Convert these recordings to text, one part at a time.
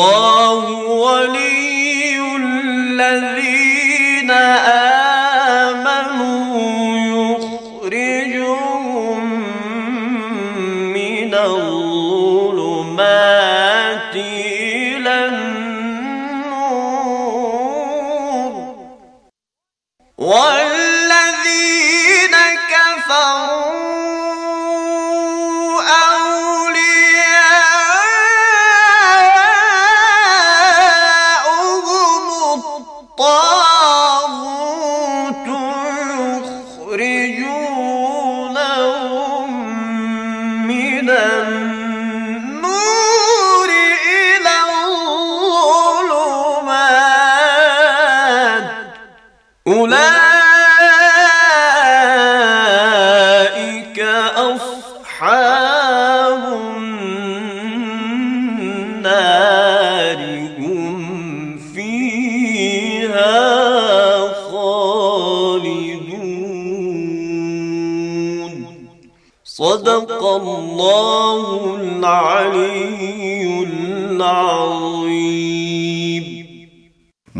والله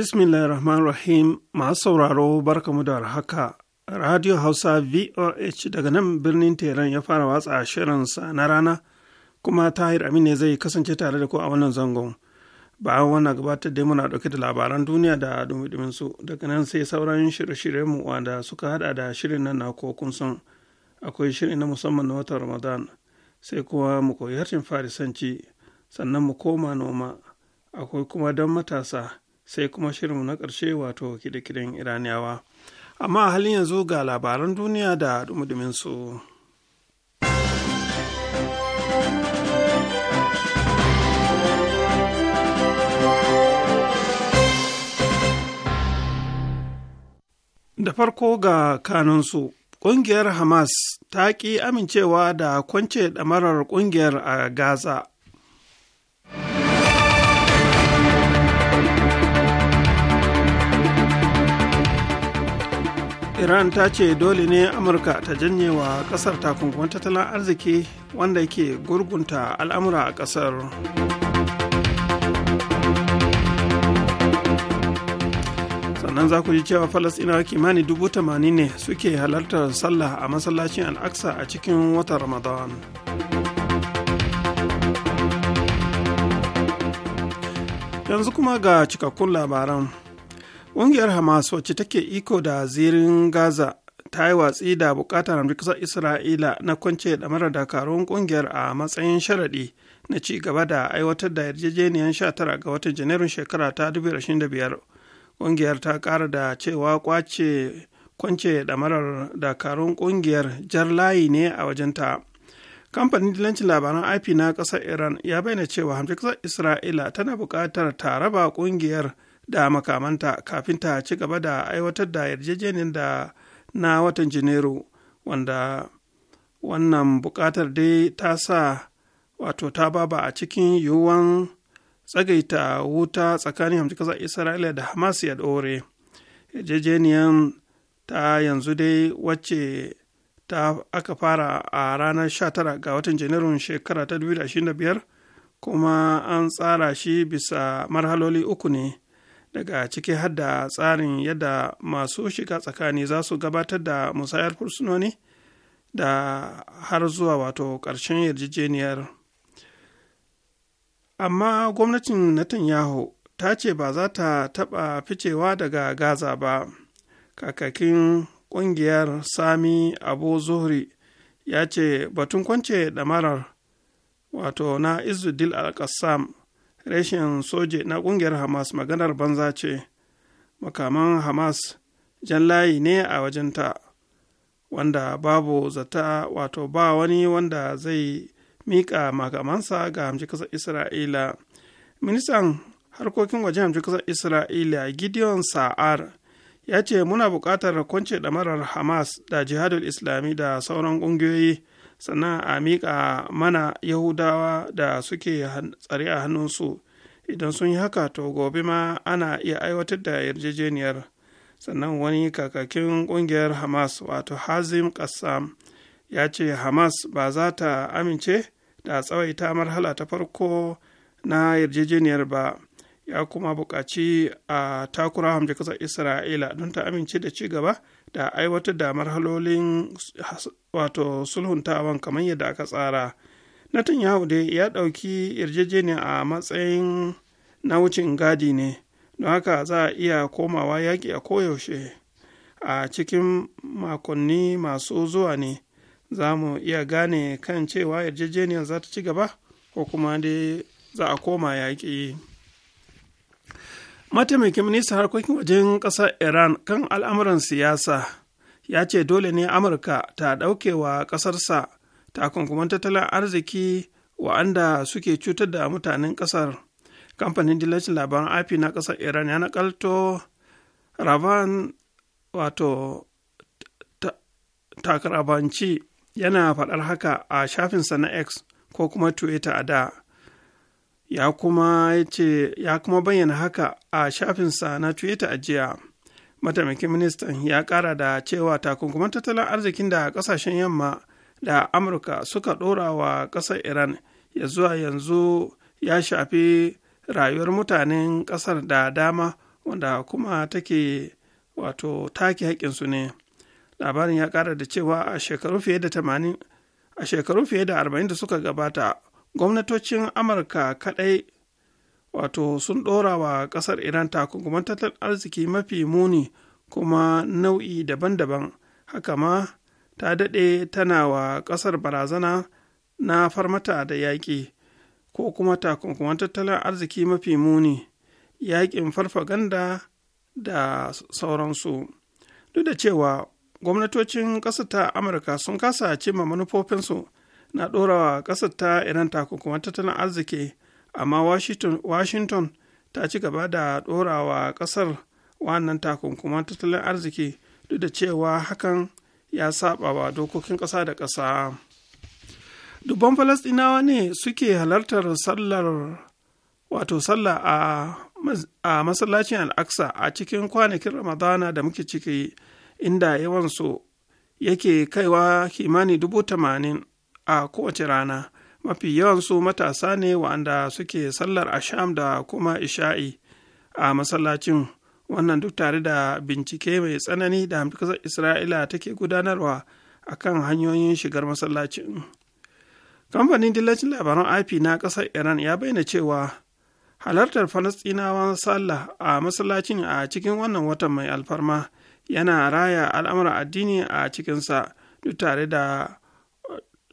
rahim masu sauraro barka barkamu da haka. Radio Hausa VOH daga nan birnin Teran ya fara watsa shirin sa na rana kuma Tahir Amin ne zai kasance tare da ku a wannan zangon. Bayan wannan gabatar da muna ɗauke da labaran duniya da dumi su daga nan sai sauran shirye mu wanda suka hada da shirin nan na kun san akwai shirin na musamman na watan Ramadan sai kuma mu koyi harshen Farisanci sannan mu koma noma akwai kuma don matasa sai kuma shirinmu na ƙarshe wato kide-kiden iraniyawa amma halin yanzu ga labaran duniya da dumudumin su da farko ga kanunsu ƙungiyar hamas ta ƙi amincewa da kwance ɗamarar ƙungiyar a gaza iran ta ce dole ne amurka ta janye wa kasar takunkuman tattalin arziki wanda ke gurgunta al'amura a kasar sannan za ku ji cewa falasɗinawa kimani dubu tamanin ne suke halartar sallah a masallacin al'aksa a cikin watan ramadan yanzu kuma ga cikakkun labaran ƙungiyar hamas wacce take iko da zirin gaza ta yi watsi da bukatar amurkisar isra'ila na kwance da mara dakarun ƙungiyar a matsayin sharaɗi na ci gaba da aiwatar da yarjejeniyar 19 ga watan janairun shekara ta 2025 ƙungiyar ta ƙara da cewa kwace kwance ɗamarar dakarun ƙungiyar jar layi ne a wajenta kamfanin dilancin labaran ip na ƙasar iran ya bayyana cewa hamsar isra'ila tana buƙatar ta raba ƙungiyar da makamanta kafin ta ci gaba da aiwatar da yarjejeniyar da na watan janairu wanda wannan bukatar dai ta sa wato ta baba a cikin yiwuwan tsagaita wuta tsakanin hamsin kasar isra'ila da hamas ya ɗore yarjejeniyar ta yanzu dai wacce ta aka fara a ranar 19 ga watan janairun shekara ta 2025 kuma an tsara shi bisa marhaloli uku ne daga ciki har da tsarin yadda masu shiga tsakani za su gabatar da musayar fursunoni da har zuwa wato ƙarshen yarjejeniyar amma gwamnatin netanyahu ta ce ba za ta taɓa ficewa daga gaza ba kakakin ƙungiyar sami abu zuhri ya ce batun kwance ɗamarar wato na dil al-qassam reshen soje na kungiyar hamas maganar banza ce makaman hamas jan layi ne a wajenta wanda babu zata wato ba wani wanda zai mika makamansa ga hamci ƙasar isra'ila ministan harkokin wajen hamci ƙasar isra'ila gideon sa'ar ya ce muna buƙatar kwance ɗamarar hamas da jihadul islami da sauran ƙungiyoyi sannan a miƙa mana yahudawa da suke tsare a hannunsu idan sun yi haka to gobe ma ana iya aiwatar da yarjejeniyar sannan wani kakakin ƙungiyar hamas wato hazim kassam ya ce hamas ba za ta amince da tsawaita marhala ta farko na yarjejeniyar ba ya kuma buƙaci a takura hamjikasar isra'ila don ta amince da ci gaba da aiwatar da marhalolin wato sulhuntawan kamar yadda aka tsara netanyahu dai ya ɗauki yarjejeniya a matsayin na wucin gadi ne don haka za a iya komawa yaƙi a koyaushe a cikin makonni masu zuwa ne za mu iya gane kan cewa yarjejeniyar za ta ci gaba ko kuma dai za a koma yaƙi mataimakin ministan harkokin wajen ƙasar iran kan al'amuran siyasa ya ce dole ne amurka ta ɗauke wa ƙasarsa takunkuman tattalin arziki wa'anda suke cutar da mutanen ƙasar kamfanin jilashin labaran afi na ƙasar iran ya nakalto ravan wato takarabanci yana faɗar haka a shafinsa na x ko kuma twitter a da ya kuma ya kuma bayyana haka a shafinsa na twitter a jiya mataimakin ministan ya kara da cewa takunkuman tattalin arzikin da kasashen yamma da amurka suka dora wa ƙasar iran ya zuwa yanzu ya shafi rayuwar mutanen kasar da dama wanda kuma take wato take haƙƙinsu ne labarin ya kara da cewa a shekaru fiye da 80 a shekaru fiye da 40 da suka gabata gwamnatocin amurka kaɗai wato sun ɗora wa ƙasar iran takunkuman tattalin arziki mafi muni kuma nau'i daban-daban haka ma ta daɗe tana wa ƙasar barazana na farmata da yaƙi ko kuma takunkuman tattalin arziki mafi muni yaƙin farfaganda da sauransu duk da cewa gwamnatocin ƙasar ta amurka sun kasa cimma manufofinsu na ɗora wa ƙasar ta iran takunkuman tattalin arziki amma washington, ta ci gaba da ɗorawa ƙasar wannan takunkuma tattalin arziki duk da cewa hakan ya saba wa dokokin ƙasa da ƙasa dubban falastinawa ne suke halartar sallar wato sallah a masallacin al'aksa a cikin kwanakin ramadana da muke ciki inda yawansu yake kaiwa kimani dubu tamanin a kowace rana mafi yawansu matasa ne wa'anda suke sallar asham da kuma isha'i a masallacin wannan duk tare da bincike mai tsanani da hamdukasar isra'ila take gudanarwa a kan hanyoyin shigar masallacin kamfanin dillacin labaran ip na ƙasar iran ya bayyana cewa halartar falastinawa sallah a masallacin a cikin wannan watan mai alfarma yana raya al'amuran addini a cikinsa duk tare da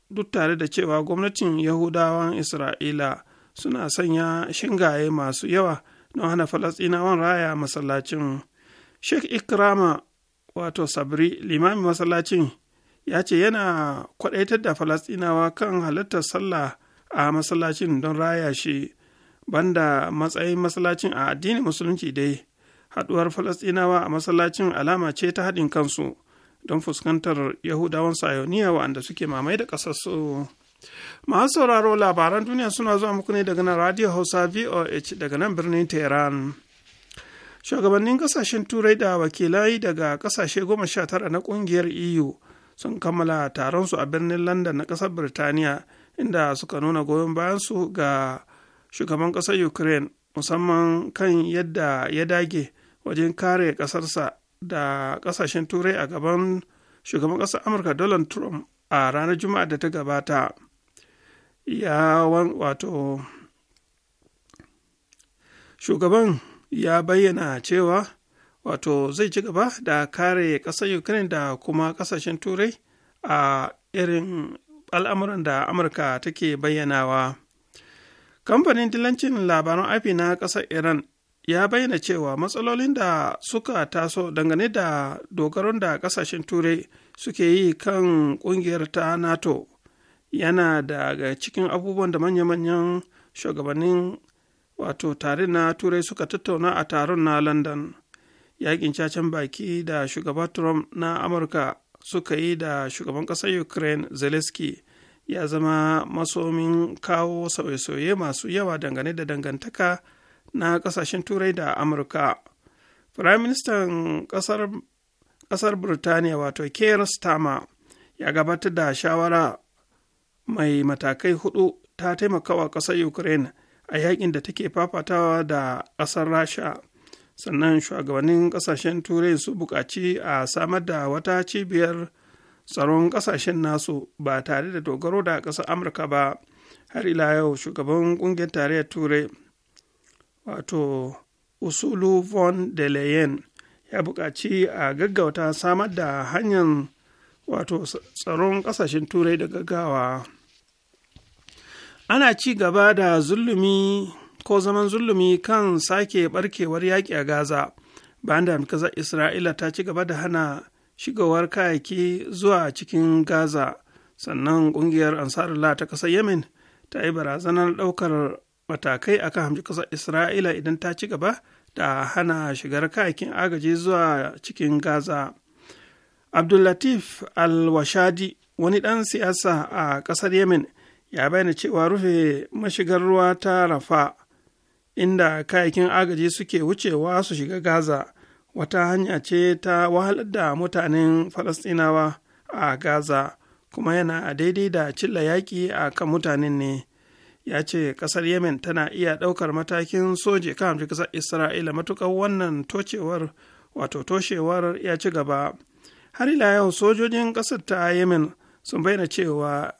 duk tare da cewa gwamnatin yahudawan isra'ila suna sanya shingaye masu yawa don hana falasɗinawan raya masallacin sheikh ikrama wato sabri limamin masallacin ya ce yana kwaɗaitar da falasɗinawa kan halartar sallah a masallacin don raya shi banda matsayin masallacin a addinin musulunci dai haɗuwar falasɗinawa a masallacin alama ce ta haɗin kansu don fuskantar yahudawan sayoniya wa'anda suke mamai da ƙasar su masu sauraro labaran duniya suna zuwa muku ne daga nan radio hausa voh daga nan birnin tehran shugabannin kasashen turai da wakilai daga kasashe goma sha tara na kungiyar eu sun kammala taron su a birnin london na kasar birtaniya inda suka nuna goyon bayan su ga shugaban kasar ukraine musamman kan yadda ya dage wajen kare kasarsa da ƙasashen turai a gaban shugaban ƙasar amurka donald trump a ranar juma'a da ta gabata ya wato shugaban ya bayyana cewa wato zai ci gaba da kare ƙasar ukraine da kuma ƙasashen turai a irin al'amuran da amurka take bayyanawa kamfanin dilancin labaran afi na ƙasar iran ya bayyana cewa matsalolin da suka taso dangane da dogaron da kasashen turai suke yi kan kungiyar ta nato yana daga cikin abubuwan da manya-manyan shugabannin wato tare na turai suka tattauna a taron na london yakin cacen baki da shugaban trump na amurka suka yi da shugaban ƙasar ukraine zelensky ya zama masomin kawo sauye-sauye masu yawa dangane da dangantaka na ƙasashen turai da amurka firayim ministan kasar kasar Birtaniya wato Keir Starmer ya gabatar da shawara mai matakai hudu ta taimakawa ƙasar Ukraine a yakin da take fafatawa da ƙasar Rasha. Sannan shugabannin ƙasashen Turai su buƙaci a samar da wata cibiyar tsaron ƙasashen nasu ba tare da dogaro da ƙasar Amurka ba har ila yau shugaban ƙungiyar tarayyar Turai wato usulu von der leyen ya buƙaci a gaggauta samar da hanyar wato tsaron ƙasashen turai da gaggawa ana ci gaba da zulumi ko zaman zulumi kan sake barkewar yaƙi a gaza bayan da ƙasar isra'ila ta ci gaba da hana shigowar kayayyaki zuwa cikin gaza sannan ƙungiyar ansarullah ta ƙasar yemen ta yi barazanar ɗaukar matakai akan hamshi ƙasar isra'ila idan ta ci gaba da hana shigar kayakin agaji zuwa cikin gaza abdullatif alwashadi wani ɗan siyasa a ƙasar yemen ya bayyana cewa rufe mashigar ruwa ta rafa inda kayakin agaji suke wucewa su shiga gaza wata hanya ce ta wahalar da mutanen falastinawa a gaza kuma yana daidai da cilla yaƙi a kan mutanen ne ya ce ƙasar yemen tana iya ɗaukar matakin soje kan hamshi ƙasar isra'ila matuƙar wannan tocewar wato toshewar ya ci gaba har ila yau sojojin ƙasar ta yemen sun bayyana cewa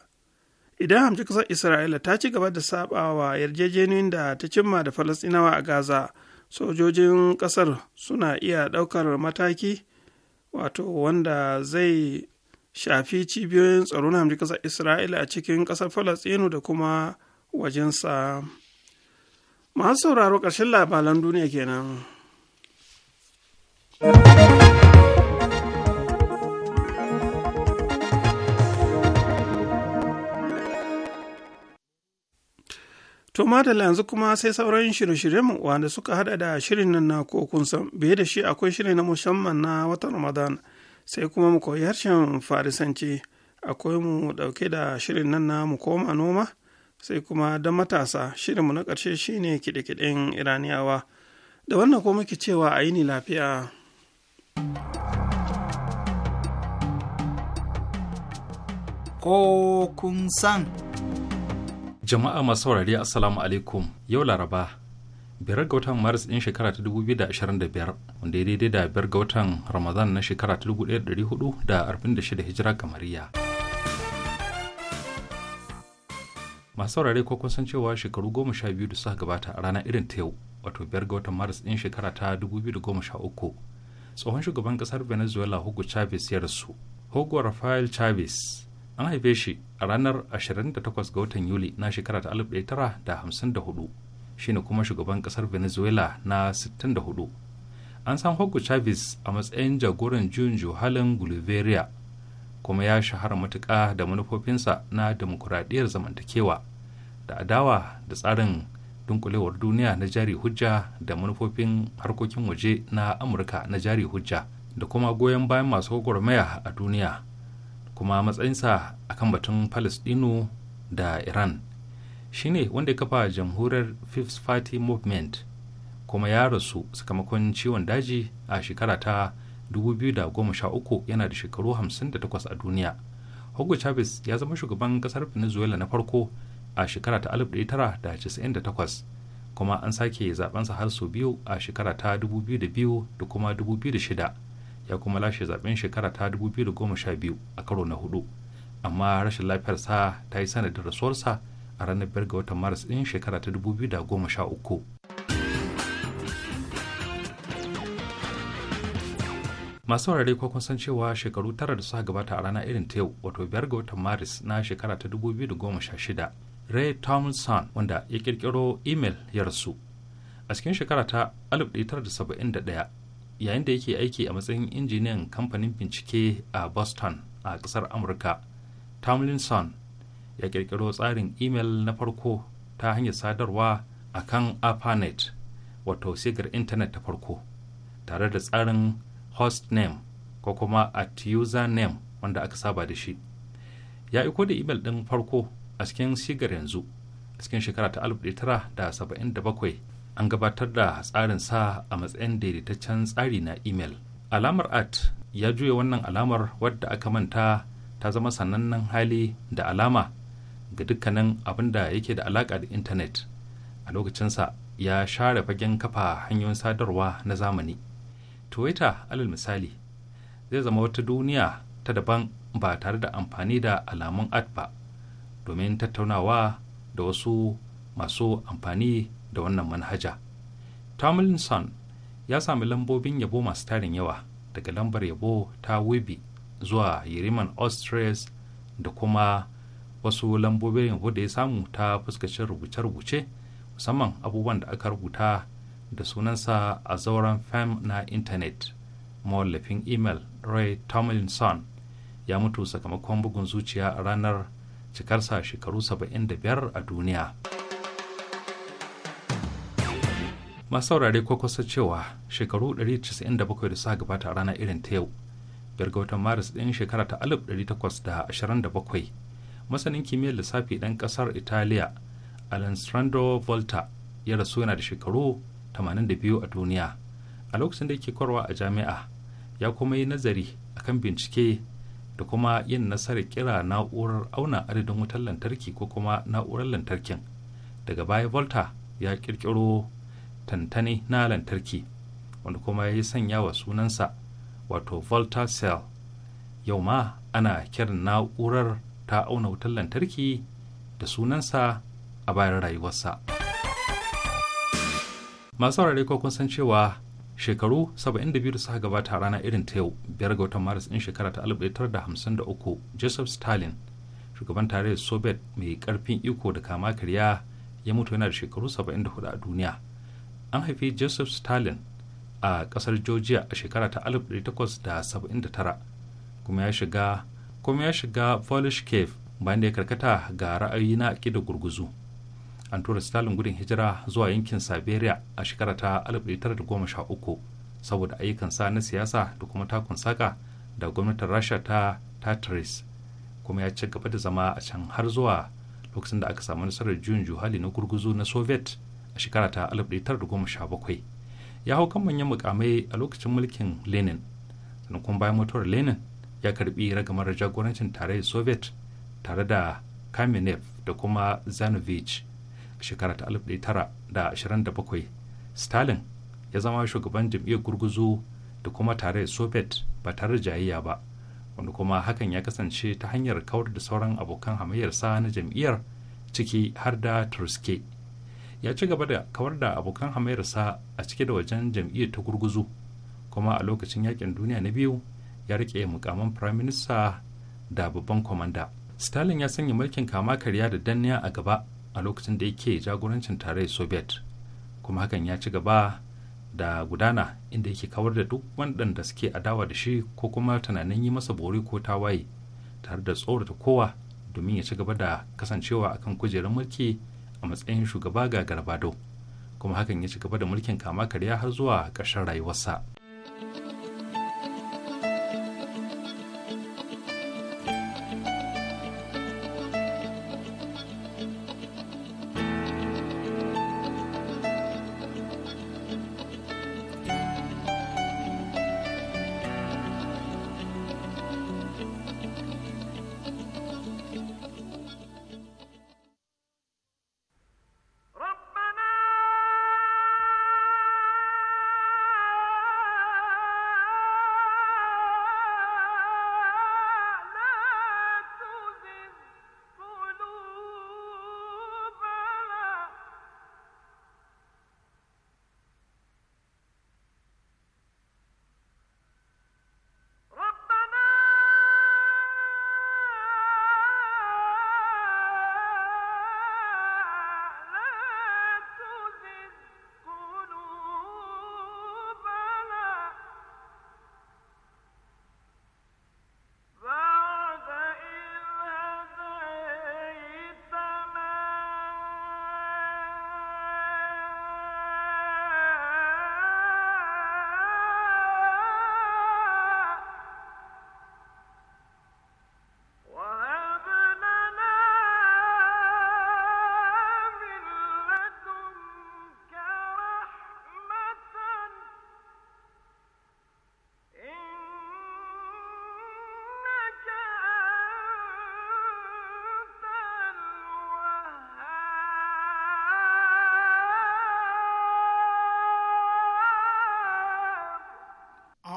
idan hamshi kasar isra'ila ta ci gaba da sabawa yarjejeniyoyin da ta cimma da falastinawa a gaza sojojin ƙasar suna iya ɗaukar mataki wato wanda zai shafi cibiyoyin tsaro na ƙasar isra'ila a cikin ƙasar falastinu da kuma wajensa masu sauraro ƙarshen labaran duniya kenan. To madalla yanzu kuma sai sauran shirye-shiryen wanda suka hada da shirin nan na kokun san biye da shi akwai shirin na musamman na watan Ramadan sai kuma mu koyi harshen Farisanci akwai mu dauke da shirin nan na mu koma noma sai kuma don matasa shirinmu na ƙarshe shine kiɗe-kiɗen iraniyawa da wannan ko muke cewa a yi ni lafiya ko kun san jama'a masu saurari assalamu alaikum yau laraba biyar ga watan maris din shekara ta 2025 wanda ya daidai da biyar ga watan ramadan na shekara ta 1446 hijira kamariya. masu saurare ko kun cewa shekaru goma sha biyu da suka gabata a rana irin ta yau wato biyar ga watan maris din shekara ta da goma sha uku tsohon shugaban kasar venezuela hugo chavez ya rasu hugo rafael chavez an haife shi a ranar 28 ga watan yuli na shekara ta 1954 shine kuma shugaban kasar venezuela na 64 an san hugo chavez a matsayin jagoran juyin juhalin guliveria kuma ya shahara matuƙa da manufofinsa na demokuraɗiyyar zamantakewa da adawa da tsarin dunkulewar duniya na jari hujja da manufofin harkokin waje na amurka na jari hujja da kuma goyon bayan masu gwagwarmaya a duniya kuma matsayinsa a kan batun palestino da iran shine wanda ya kafa jamhuriyar fifth party movement kuma ya rasu sakamakon ciwon daji a shekara ta 2013 yana da shekaru 58 a duniya hugo chavez ya zama shugaban kasar venezuela na farko a shekara ta 1998 kuma an sake zabensa har sau biyu a shekara ta 2002 da kuma 2006 ya kuma lashe zaben shekara ta 2012 a karo na hudu amma rashin lafiyarsa ta yi sanadin rasuwarsa a ranar 5 ga watan maris ɗin shekara ta 2013 masu wurare ko kun san cewa shekaru tara da suka gabata a rana irin ta yau wato biyar ga watan maris na shekara ta 2016 ray tomlinson wanda ya kirkiro email ya rasu a cikin shekara ta 1971 yayin da yake aiki a matsayin injiniyan kamfanin bincike a boston a kasar amurka tomlinson ya kirkiro tsarin email na farko ta hanyar sadarwa a kan apanet wato sigar intanet ta farko tare da tsarin host name ko kuma at user name wanda aka saba da shi ya iko da imel ɗin farko a cikin shigar yanzu a cikin shekara ta 1977 an gabatar da tsarin sa a matsayin daidaitaccen tsari na imel alamar at ya juya wannan alamar wadda aka manta ta zama sanannen hali da alama ga dukkanin abin da yake da alaƙa da intanet a lokacinsa ya share fagen kafa hanyoyin sadarwa na zamani twitter alal misali zai zama wata duniya ta daban ba tare da amfani da alamun ad ba domin tattaunawa da wasu masu amfani da wannan manhaja tomlinson ya sami lambobin yabo masu tarin yawa daga lambar yabo ta wibi zuwa yeriman austrias da kuma wasu lambobin yabo da ya samu ta fuskacin rubuce-rubuce musamman abubuwan da aka rubuta da sunansa a zauren fam na intanet mawallafin imel ray tomlinson ya mutu sakamakon bugun zuciya a ranar cikarsa shekaru 75 a duniya masaurari ko kusa cewa shekaru 197 da suka gabata a rana irin ta yau biyar watan maris ɗin shekara ta 1827 masanin kimiyyar lissafi ɗan ƙasar italiya alessandro volta ya rasu yana da shekaru 82 a duniya a lokacin da yake korwa a jami'a ya kuma yi nazari a kan bincike da kuma yin nasarar kira na'urar auna adadin wutar lantarki ko kuma na'urar lantarkin daga baya volta ya kirkiro tantane na lantarki wanda kuma ya yi sanya wa sunansa wato volta cell yau ma ana kiran na'urar ta auna wutar lantarki da sunansa a bayan rayuwarsa. masu saurare ko kun san cewa shekaru 72 da suka gabata rana irin ta yau biyar ga watan maris din shekara ta 1953 joseph stalin shugaban tarayyar soviet mai karfin iko da kama karya ya mutu yana da shekaru 74 a duniya an haifi joseph stalin a kasar georgia a shekara ta 1879 kuma ya shiga kuma ya shiga polish cave bayan da ya karkata ga ra'ayi na da gurguzu an tura stalin gudun hijira zuwa yankin siberia a shekara ta 1913 saboda ayyukansa na siyasa da kuma takun saka da gwamnatin rasha ta tatris kuma ya ci gaba da zama a can har zuwa lokacin da aka samu nasarar juyin juhali na gurguzu na soviet a shekara ta 1917 ya hau kan manyan mukamai a lokacin mulkin lenin sannan kuma bayan mutuwar lenin ya karbi ragamar jagorancin tarayyar soviet tare da kamenev da kuma zanovich shekara ta bakwai stalin ya zama shugaban jam'iyyar gurguzu da kuma tare soviet ba tare da jayayya ba wanda kuma hakan ya kasance ta hanyar kawar da sauran abokan hamayyarsa na jam'iyyar ciki har da turske ya ci gaba da kawar da abokan hamayyarsa a cike da wajen jam'iyyar ta gurguzu kuma a lokacin yakin duniya na biyu ya rike mukamin firaminista da babban kwamanda stalin ya sanya mulkin kama karya da danniya a gaba a lokacin da yake jagorancin tarayyar soviet kuma hakan ya ci gaba da gudana inda yake kawar da duk waɗanda suke adawa da shi ko kuma tunanin yi masa bori ko tawaye tare da tsorata kowa domin ya ci gaba da kasancewa akan kujerar mulki a matsayin shugaba ga garbado kuma hakan ya ci gaba da mulkin kama karya har zuwa ƙarshen rayuwarsa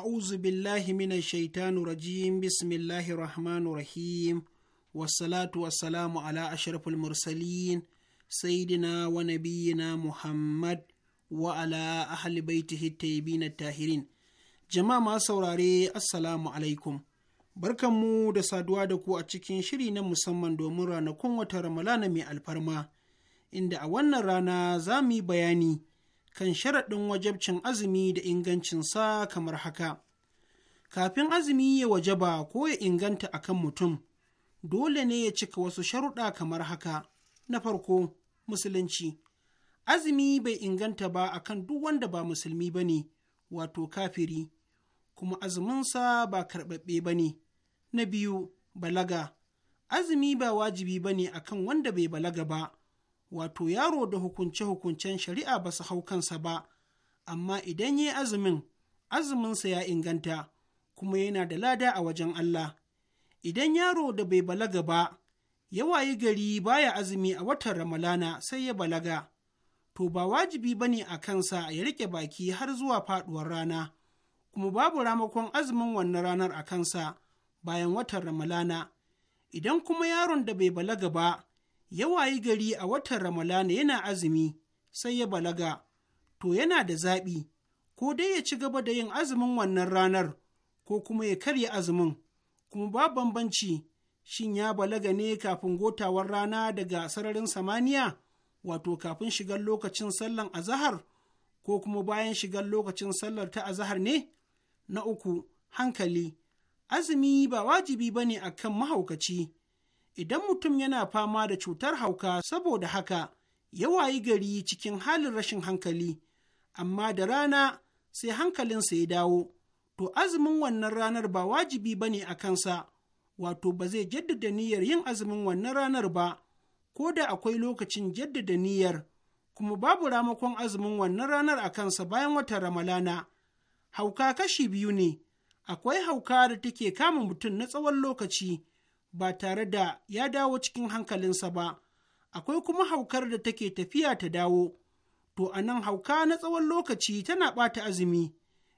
a'uzu billahi mina shaitanu rajim bismillahi rahmanu rahim wasalatu wasalamu ala ashrafil mursalin saidina wa nabiyina muhammad wa ala ahli baitihi tayyibin tahirin jama'a ma saurare assalamu alaikum barkanmu da saduwa da ku a cikin shiri na musamman domin ranakun wata ramadana mai alfarma inda a wannan rana za mu yi bayani kan sharaɗin wajabcin azumi da ingancinsa kamar haka. Kafin azumi ya wajaba ko ya inganta akan mutum, dole ne ya cika wasu sharuɗa kamar haka. Na farko, Musulunci. Azumi bai inganta ba akan duk wanda ba musulmi ba ne, wato kafiri, kuma azuminsa ba karɓaɓɓe ba ne. Na biyu, balaga. Azumi ba wajibi ba ne akan wanda bai balaga ba. wato yaro da hukunce-hukuncen shari'a ba su hau kansa ba, amma idan ya yi azumin, azuminsa ya inganta, kuma yana da lada a wajen Allah. Idan yaro da bai balaga ba, ya wayi gari baya azumi a watan Ramalana sai ya balaga, to ba wajibi ba ne a kansa ya riƙe baki har zuwa faɗuwar rana, kuma babu ramakon azumin wannan ranar a kansa bayan watan Ramalana. Idan kuma yaron da bai balaga ba, ya wayi gari a watan Ramalana yana azumi sai ya balaga, to yana da zaɓi, ko dai ya ci gaba da yin azumin wannan ranar, ko kuma ya karya azumin, kuma ba bambanci shin ya balaga ne kafin gotawar rana daga sararin samaniya, wato kafin shigar lokacin sallan azahar, ko kuma bayan shigar lokacin sallar ta azahar ne? Na uku, hankali, azumi ba wajibi ba ne a mahaukaci. idan mutum yana fama da cutar hauka saboda haka ya wayi gari cikin halin rashin hankali amma da rana sai hankalinsa ya dawo to azumin wannan ranar ba wajibi ba ne a kansa wato ba zai jaddada niyyar yin azumin wannan ranar ba ko da akwai lokacin jaddada niyyar kuma babu ramakon azumin wannan ranar a kansa bayan wata ramalana hauka kashi biyu ne akwai hauka da take kama mutum na tsawon lokaci ba tare da ya dawo cikin hankalinsa ba, akwai kuma haukar da take tafiya ta dawo, to a nan hauka na tsawon lokaci tana ɓata azumi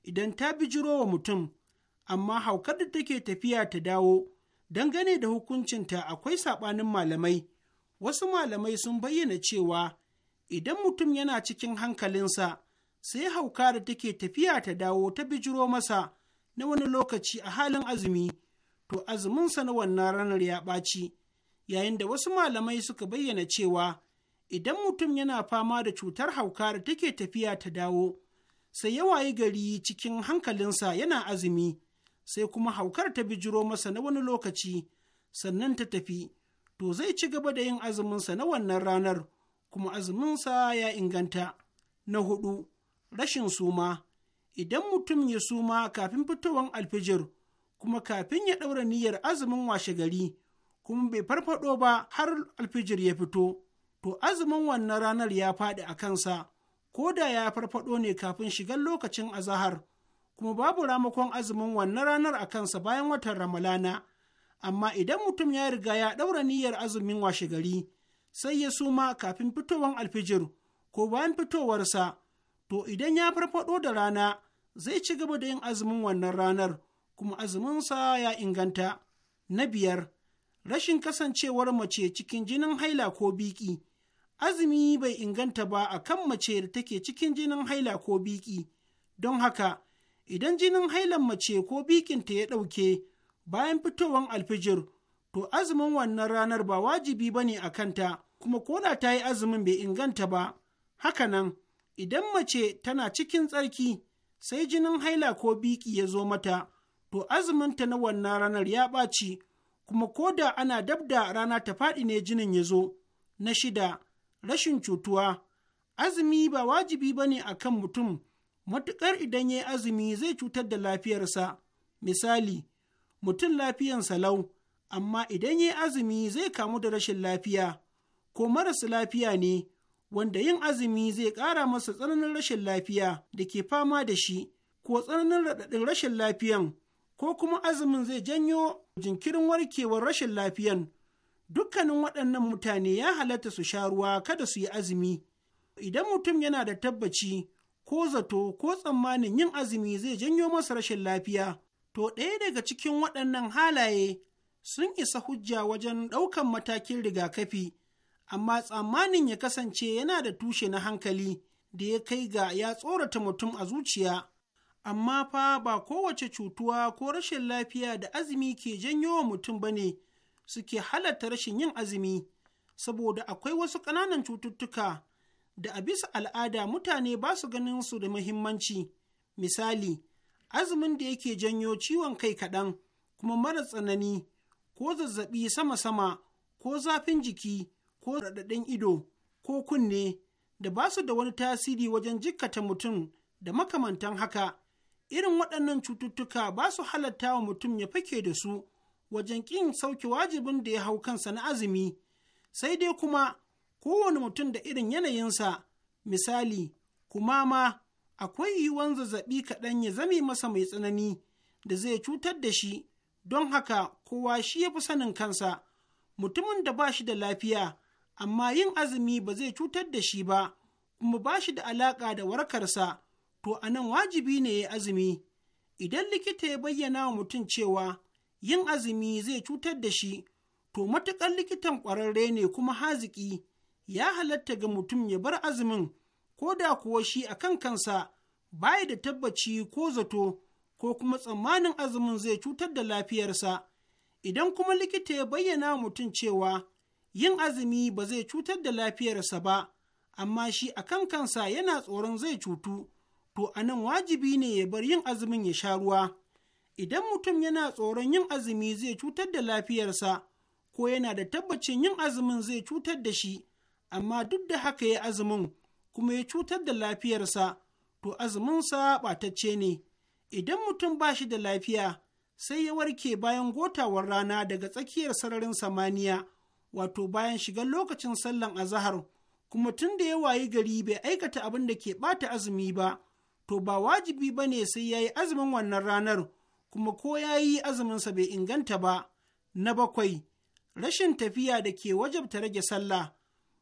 idan ta bijiro wa mutum, amma haukar da take tafiya ta dawo dangane da hukuncinta akwai saɓanin malamai. Wasu malamai sun bayyana cewa idan mutum yana cikin hankalinsa, sai hauka da take tafiya ta dawo ta bijiro masa na wani lokaci a halin azumi. to azuminsa na wannan ranar ya ɓaci yayin da wasu malamai suka bayyana cewa idan mutum yana fama da cutar hauka da take tafiya ta dawo sai ya wayi gari cikin hankalinsa yana azumi sai kuma haukar ta bijiro masa na wani lokaci sannan ta tafi to zai ci gaba da yin azuminsa na wannan ranar kuma azuminsa ya inganta na hudu rashin suma idan mutum ya suma kafin fitowar alfijir kuma kafin ya ɗaura niyyar azumin washe gari kuma bai farfaɗo ba har alfijir ya fito to azumin wannan ranar ya faɗi a kansa ko da ya farfaɗo ne kafin shigar lokacin azahar kuma babu ramakon azumin wannan ranar a kansa bayan watan ramalana amma idan mutum ya riga ya ɗaura niyyar azumin washe gari sai ya suma kafin fitowar alfijir ko bayan fitowarsa to idan ya farfaɗo da rana zai ci gaba da yin azumin wannan ranar kuma azuminsa ya inganta. Na biyar, rashin kasancewar mace cikin jinin haila ko biki. Azumi bai inganta ba a kan mace da take cikin jinin haila ko biki. Don haka, idan jinin hailan mace ko bikinta ya ɗauke bayan fitowar alfijir, to azumin wannan ranar ba wajibi ba ne a kanta, kuma kona ta yi azumin bai inganta ba. Haka nan, idan mace tana cikin tsarki, sai jinin haila ko biki ya zo mata, to azuminta na wannan ranar ya ɓaci, kuma ko da ana dab da rana ta faɗi ne jinin ya zo. Na shida, rashin cutuwa, azumi ba wajibi ba ne a kan mutum, matuƙar idan ya yi azumi zai cutar da lafiyarsa. Misali, mutum lafiyansa lau, amma idan ya yi azumi zai kamu da rashin lafiya, ko marasa lafiya ne, wanda yin azumi zai ƙara masa tsananin rashin lafiya da ke fama da shi, ko tsananin raɗaɗin rashin lafiyan ko kuma azumin zai janyo jinkirin warkewar rashin lafiyan dukkanin waɗannan mutane ya halatta su sha ruwa kada su yi azumi idan mutum yana da tabbaci ko zato ko tsammanin yin azumi zai janyo masa rashin lafiya to ɗaya daga cikin waɗannan halaye sun isa hujja wajen ɗaukan matakin rigakafi amma tsammanin ya kasance yana da tushe na hankali da ya kai ga ya tsorata mutum a zuciya amma fa ba kowace cutuwa ko rashin lafiya da azumi ke janyo wa mutum ba ne suke halatta rashin yin azumi, saboda akwai wasu ƙananan cututtuka da a bisa al'ada mutane ba su ganin su da muhimmanci. Misali, azumin da yake janyo ciwon kai kaɗan, kuma mara tsanani, ko zazzaɓi sama-sama, ko zafin jiki, ko raɗaɗin ido, ko kunne, da ba su da wani tasiri wajen jikkata mutum da makamantan haka. irin waɗannan cututtuka ba su halatta wa mutum ya fake da su wajen ƙin sauke wajibin da ya hau kansa na azumi sai dai kuma kowane mutum da irin yanayinsa misali kuma ma akwai yiwuwan zazzaɓi kaɗan ya zame masa mai tsanani da zai cutar da shi don haka kowa shi ya fi sanin kansa mutumin da ba shi da lafiya amma yin azumi ba zai cutar da shi ba kuma ba shi da alaƙa da warkarsa to a nan wajibi ne ya azumi, idan likita ya bayyana wa mutum cewa yin azumi zai cutar da shi, to matuƙar likitan ƙwararre ne kuma haziki ya halatta ga mutum ya bar azumin, ko da kuwa shi a kan kansa baya da tabbaci ko zato ko kuma tsammanin azumin zai cutar da lafiyarsa. Idan kuma likita ya bayyana wa mutum cewa yin azumi ba zai cutar da lafiyarsa ba, amma shi a kan kansa yana tsoron zai cutu. to anan wajibi ne ya bar yin azumin ya sha ruwa. Idan mutum yana tsoron yin azumi zai cutar da lafiyarsa, ko yana da tabbacin yin azumin zai cutar da shi, amma duk da haka ya azumin kuma ya cutar da lafiyarsa, to azuminsa batacce ne. Idan mutum ba shi da lafiya, sai ya warke bayan gotawar rana daga tsakiyar sararin samaniya, wato bayan shigar lokacin sallan azahar, kuma tun da ya wayi gari bai aikata abin da ke bata azumi ba. to ba wajibi ba ne sai ya yi azumin wannan ranar, kuma ko ya yi azuminsa bai inganta ba. Na bakwai, rashin tafiya da ke wajabta rage sallah.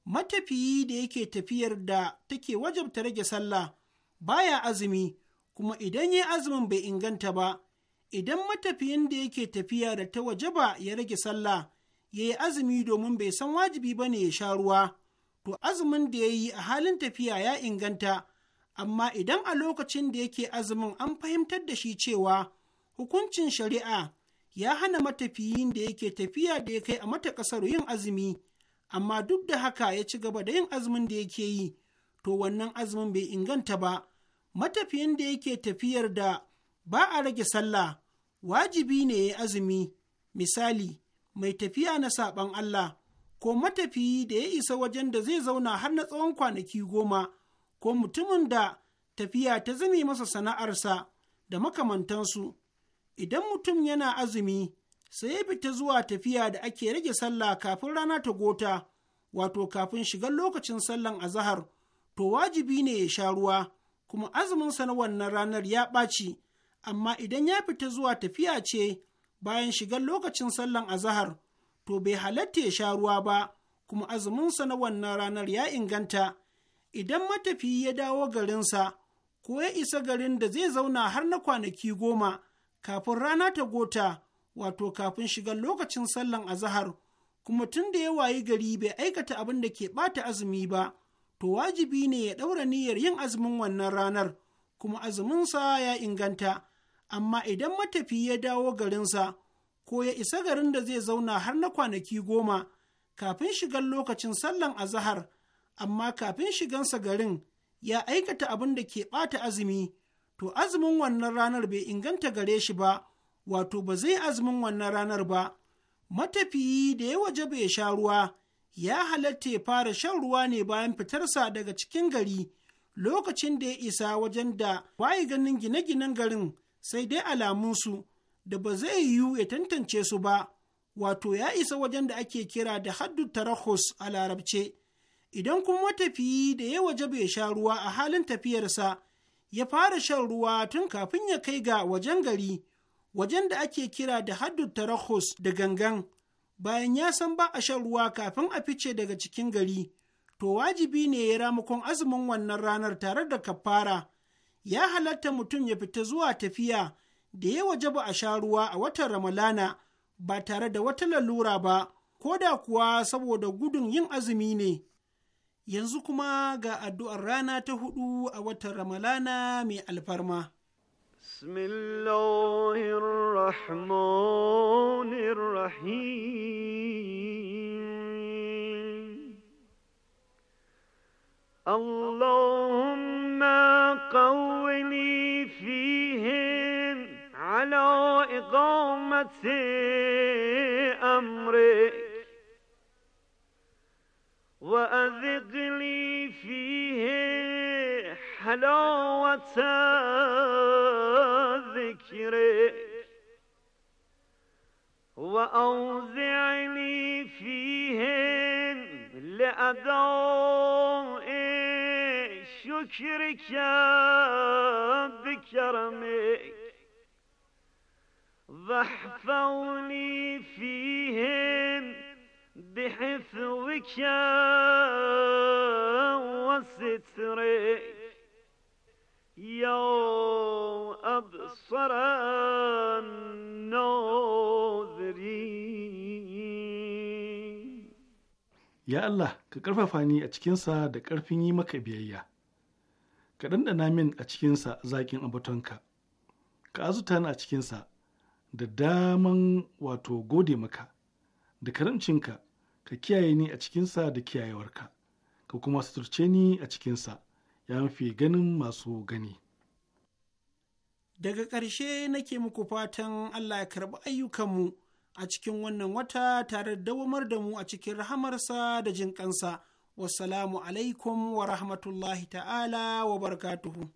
Matafiyi da yake tafiyar da take wajabta rage sallah baya azumi, kuma idan ya azumin bai inganta ba, idan matafiyin da yake tafiya da ta waje ba ya rage sallah, ya yi azumi domin bai san wajibi ba ne ya sha ruwa, to azumin da ya yi a halin tafiya ya inganta. amma idan a lokacin da yake azumin an fahimtar da shi cewa hukuncin shari'a ya hana matafiyin da yake tafiya da ya kai a mata ƙasar yin azumi amma duk da haka ya ci gaba da yin azumin da yake yi to wannan azumin bai inganta ba matafiyin da yake tafiyar da ba a rage sallah wajibi ne ya azumi misali mai tafiya na saɓan Allah ko matafiyi da ya isa wajen da zai zauna har na tsawon kwanaki goma ko mutumin da tafiya ta zame masa sana'arsa da makamantansu idan mutum yana azumi sai ya fita zuwa tafiya da ake rage sallah kafin rana ta gota wato kafin shigar lokacin sallan azahar to wajibi ne ya sha ruwa kuma azuminsa na wannan ranar ya ɓaci amma idan ya fita zuwa tafiya ce bayan shigar lokacin sallan azahar to bai halatta ya sha ruwa ba kuma azuminsa na wannan ranar ya inganta idan matafiyi ya dawo garinsa ko ya isa garin da zai zauna har na kwanaki goma kafin rana ta gota wato kafin shigar lokacin sallan azahar kuma tun da ya wayi gari bai aikata abin da ke ɓata azumi ba to wajibi ne ya ɗaura niyyar yin azumin wannan ranar kuma azuminsa ya inganta amma idan matafi ya dawo garinsa ko ya isa garin da zai zauna har na kwanaki goma kafin shigar lokacin sallan azahar amma kafin shigansa garin ya aikata abin da ke ɓata azumi, to azumin wannan ranar bai inganta gare shi ba, wato ba zai azumin wannan ranar ba. Matafiyi da ya waje bai sha ruwa, ya halatta ya fara shan ruwa ne bayan fitarsa daga cikin gari, lokacin da ya isa wajen da bayi ganin gine-ginen garin sai dai alamunsu da ba zai yiwu ya tantance su ba, wato ya isa wajen da ake kira da haddu tarahus a larabce. Idan kuma matafiyi da ya waje ya sha ruwa a halin tafiyarsa, ya fara shan ruwa tun kafin ya kai ga wajen gari, wajen da ake kira da haddun tarahus da gangan, bayan ya san ba a shan ruwa kafin a fice daga cikin gari, to wajibi ne ya ramakon azumin wannan ranar tare da kafara. Ya halatta mutum ya fita zuwa tafiya da ya waje ba a sha ruwa a watan Ramalana ba tare da wata lalura ba, ko da kuwa saboda gudun yin azumi ne. Yanzu kuma ga addu'ar rana ta hudu a watan Ramalana mai alfarma. Bismillahirrahmanirrahim Allahumma qawwini fihin ala iqamati amri وأذق لي فيه حلاوة ذكرك وأوزع لي فيهن لأداء شكرك بكرمك واحفظني فيهن بحفظك وسترك يا أبصر الناظرين يا الله ka ƙarfafa ni a cikinsa da ƙarfin yi maka biyayya ka ɗanɗana min a cikinsa zaƙin abatonka ka azuta ni a cikinsa da daman wato gode maka da karamcinka ka kiyaye ni a cikinsa da kiyayewarka ka kuma suturce ni a cikinsa ya mafi ganin masu gani daga ƙarshe nake muku fatan allah ya karɓi ayyukanmu a cikin wannan wata tare da dawamar da mu a cikin rahamarsa da jin kansa wassalamu alaikum wa rahmatullahi ta'ala wa barakatuhu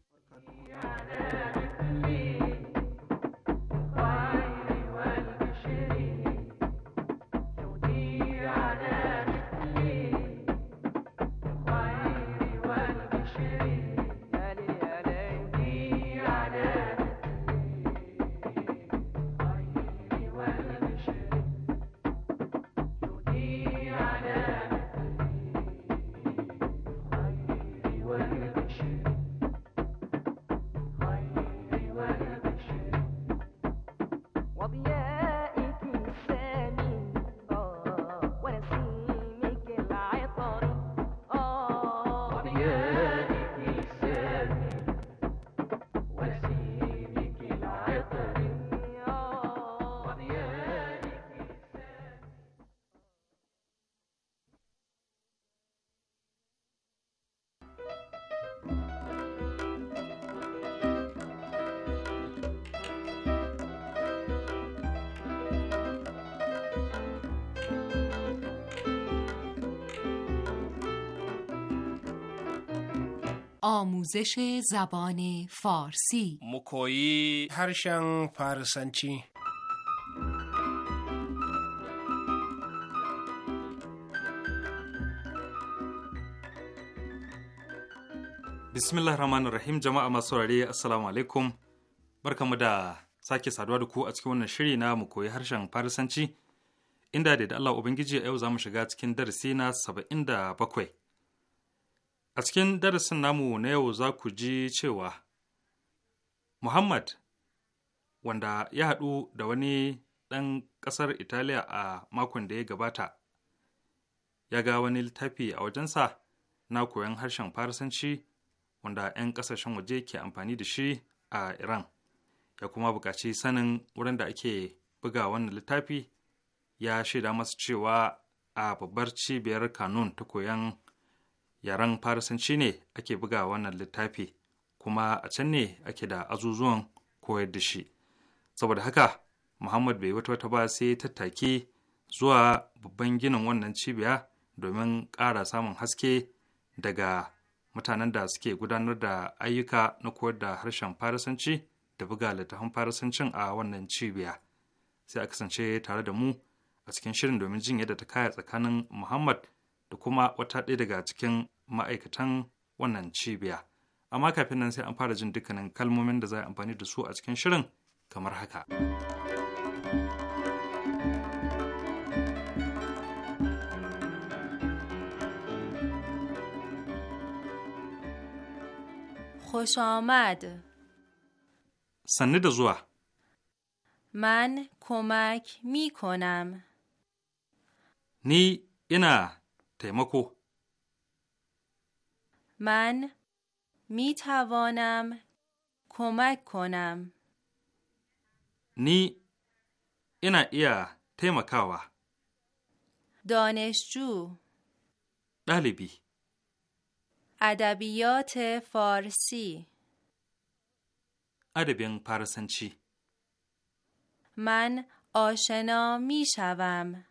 آموزش زبان فارسی مکویی هرشن فارسنچی Bismillah Rahman Rahim jama'a masu saurare Assalamu alaikum. mu da sake saduwa da ku a cikin wannan shiri na mu koyi harshen Farisanci inda da Allah Ubangiji yau za mu shiga cikin darasi na saba'in da bakwai. A cikin darasin namu na yau za ku ji cewa Muhammad wanda ya haɗu da wani ɗan ƙasar Italiya a makon da ya gabata ya ga wani littafi a wajensa na koyon harshen Farisanci wanda 'yan ƙasashen waje ke amfani da shi a Iran ya kuma buƙaci sanin wurin da ake buga wannan littafi ya shaida masu cewa a babbar cibiyar kanun ta koyon yaren farisanci ne ake buga wannan littafi kuma a can ne ake da azuzuwan koyar da shi saboda haka muhammad bai wata wata ba sai tattaki zuwa babban ginin wannan cibiya domin ƙara samun haske daga mutanen da suke gudanar da ayyuka na koyar da harshen farisanci da buga littafin farisancin a wannan cibiya sai a kasance tare da mu a cikin shirin domin jin yadda ta kaya tsakanin muhammad da kuma wata ɗaya daga cikin ma'aikatan wannan cibiya amma kafin nan sai an fara jin dukkanin kalmomin da za a amfani da su a cikin shirin kamar haka خوش آمد سند زوا من کمک می کنم نی اینا تیمکو من می توانم کمک کنم نی اینا ایا کوا دانشجو دلیبی. بله ادبیات فارسی ادبیان پارسنچی من آشنا می شوم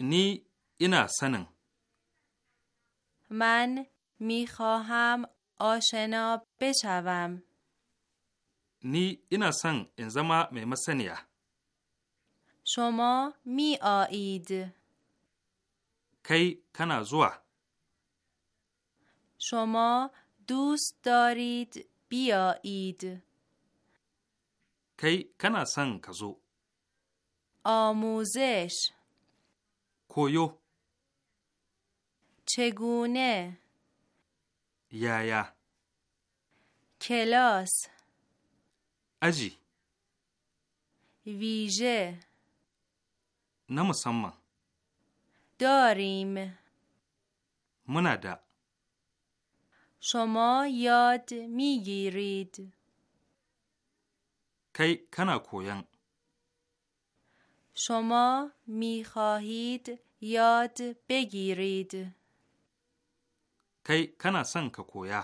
نی اینا سنن من می خواهم آشنا بشوم. نی اینا سن انزما می مسنیه. شما می آید. کی کنا زوا. شما دوست دارید بیایید. کی کنا سن کزو. آموزش. کویو. چگونه یا. کلاس اجی ویژه نمسمه داریم منادا شما یاد میگیرید کی کنا کویان شما میخواهید یاد بگیرید کی کنا سن کا کویا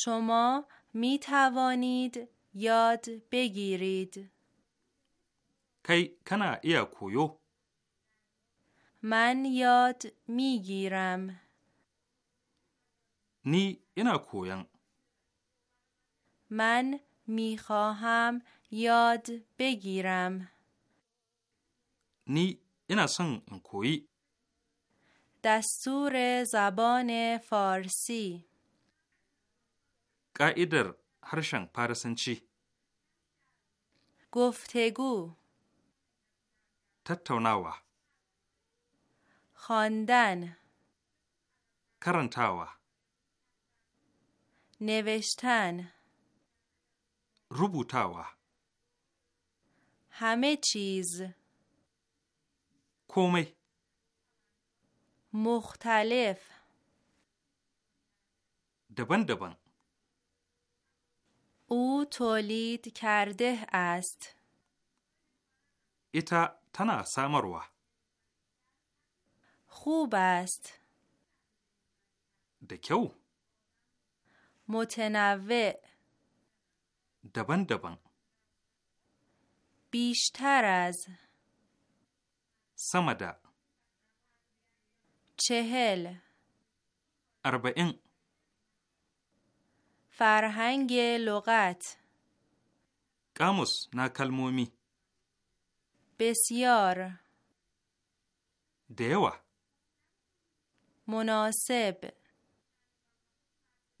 شما می توانید یاد بگیرید کی کنا ایا کویو من یاد می گیرم. نی اینا کویان من می خواهم یاد بگیرم نی اینا سن کویی دستور زبان فارسی قاعدر هرشن پارسنچی گفتگو تتوناوا خواندن کرنتاوا نوشتن روبوتاوا همه چیز کومه مختلف دبن دبن او تولید کرده است ایتا تنا سامروه خوب است دکو متنوع دبن دبن بیشتر از سمده چهل اربعین فرهنگ لغت کاموس نا بسیار دیوه مناسب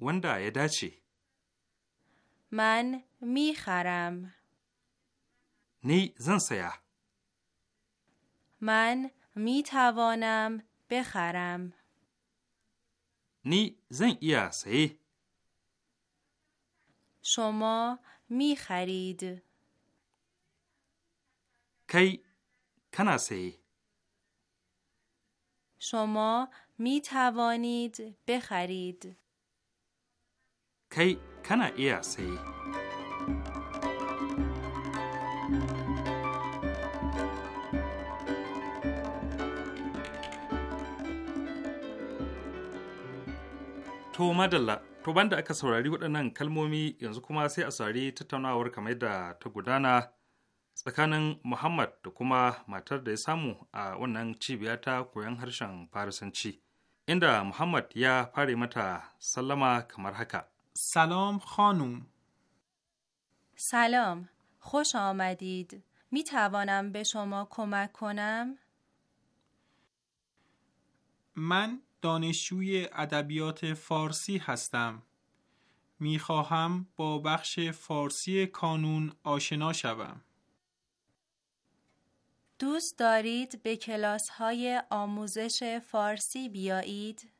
وندا یداچی من میخرم نی زن سیا من میتوانم بخرم نی زن یا شما می خرید کی کنا شما می توانید بخرید کی کنا یا To madalla, to banda aka saurari waɗannan kalmomi yanzu kuma sai a saurari tattaunawar kamar da ta gudana tsakanin Muhammad da kuma matar da ya samu a wannan cibiya ta koyon harshen Farisanci. Inda Muhammad ya fare mata sallama kamar haka. Salam خانم Salam, خوش آمدید می توانم به شما کمک کنم؟ من دانشجوی ادبیات فارسی هستم. می خواهم با بخش فارسی کانون آشنا شوم. دوست دارید به کلاس های آموزش فارسی بیایید؟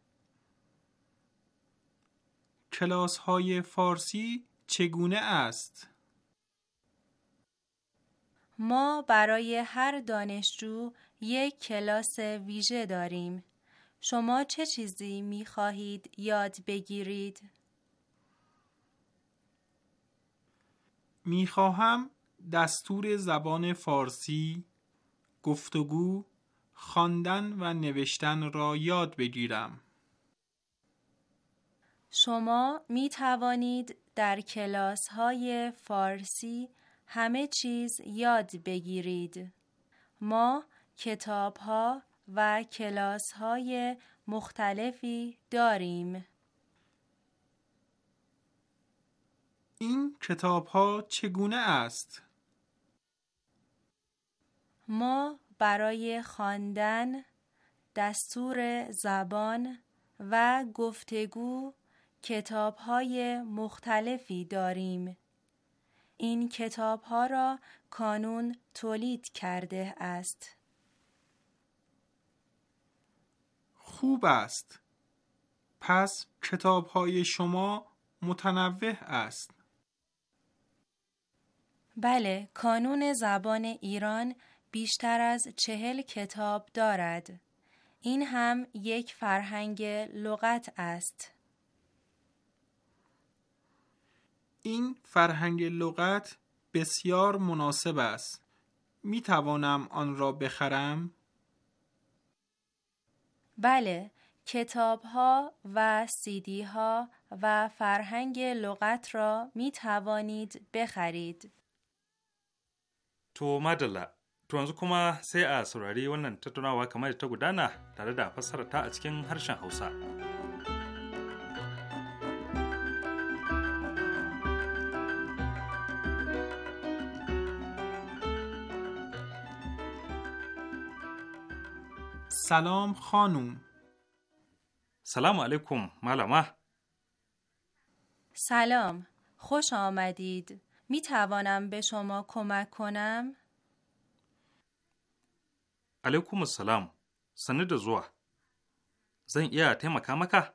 کلاس های فارسی چگونه است؟ ما برای هر دانشجو یک کلاس ویژه داریم. شما چه چیزی می خواهید یاد بگیرید؟ می خواهم دستور زبان فارسی، گفتگو، خواندن و نوشتن را یاد بگیرم. شما می توانید در کلاس های فارسی همه چیز یاد بگیرید. ما کتاب ها، و کلاس های مختلفی داریم. این کتاب ها چگونه است؟ ما برای خواندن دستور زبان و گفتگو کتاب های مختلفی داریم. این کتاب ها را کانون تولید کرده است. خوب است. پس کتاب های شما متنوع است. بله، کانون زبان ایران بیشتر از چهل کتاب دارد. این هم یک فرهنگ لغت است. این فرهنگ لغت بسیار مناسب است. می توانم آن را بخرم؟ بله کتاب ها و سیدی ها و فرهنگ لغت را می توانید بخرید. تو مدلا تو انزو کما سی از سراری ونن تتونا و کما تا گودانا تاره دا فسر تا اچکن هرشن حوصا. سلام خانوم سلام علیکم ملما سلام خوش آمدید می توانم به شما کمک کنم؟ علیکم السلام سند زوا. زن یا iya کامکا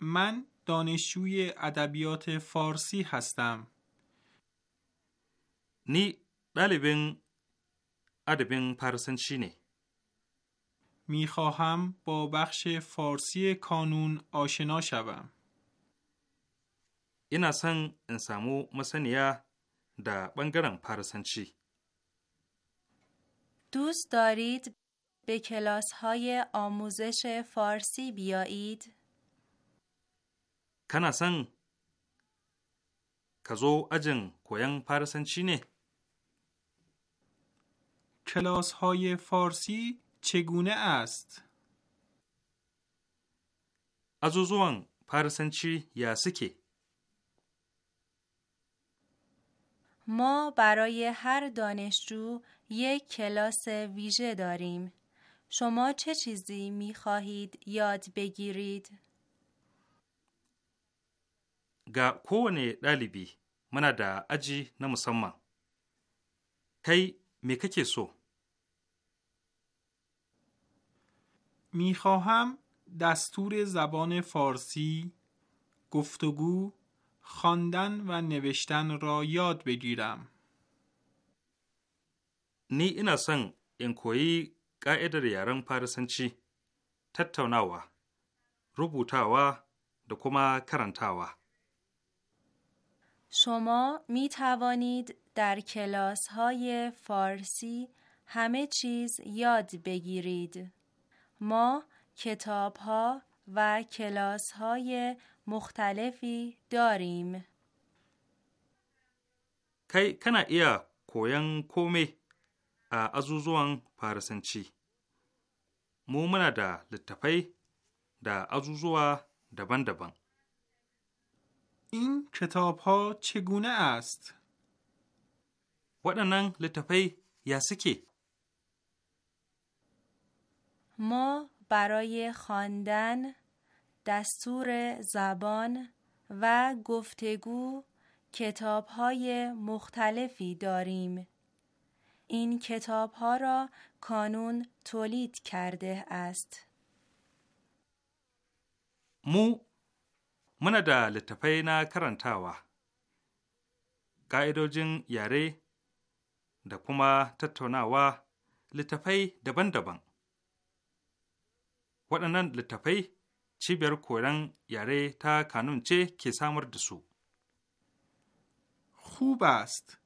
من دانشجوی ادبیات فارسی هستم نی دلیبین ادبین Faransanci خواهم با بخش فارسی کانون آشنا شوم. اینا سن in samu masaniya da ɓangaren دوست دارید به کلاس های آموزش فارسی بیایید؟ کنا سن کزو اجن کویان نه؟ کلاس های فارسی چگونه است؟ اوزوان پرسنچی یا ما برای هر دانشجو یک کلاس ویژه داریم. شما چه چیزی می خواهید یاد بگیرید؟ گا کوونه دالیبی منا دا اجی نمسمم. کی می که سو؟ میخواهم دستور زبان فارسی، گفتگو، خواندن و نوشتن را یاد بگیرم. نی اینا سن in قاعده ƙa'idar یارن پارسنچی tattaunawa, rubutawa دکوما شما می توانید در کلاس های فارسی همه چیز یاد بگیرید. ما کتاب ها و کلاس های مختلفی داریم. کای کنا ایا کویان کومی ا ازوزوان فارسنچی. Mu muna da littafai da azuzuwa daban-daban. In kitab ha cigune Waɗannan littafai ya suke? ما برای خواندن دستور زبان و گفتگو کتاب های مختلفی داریم. این کتاب ها را کانون تولید کرده است. مو منده دا لطفه نا کرانتاوا قایدوجن یاره دا کما تتوناوا لطفه دبن دبن ونا لتفی چی بیر کورن یاره تا قانون چه که سامر سو خوب است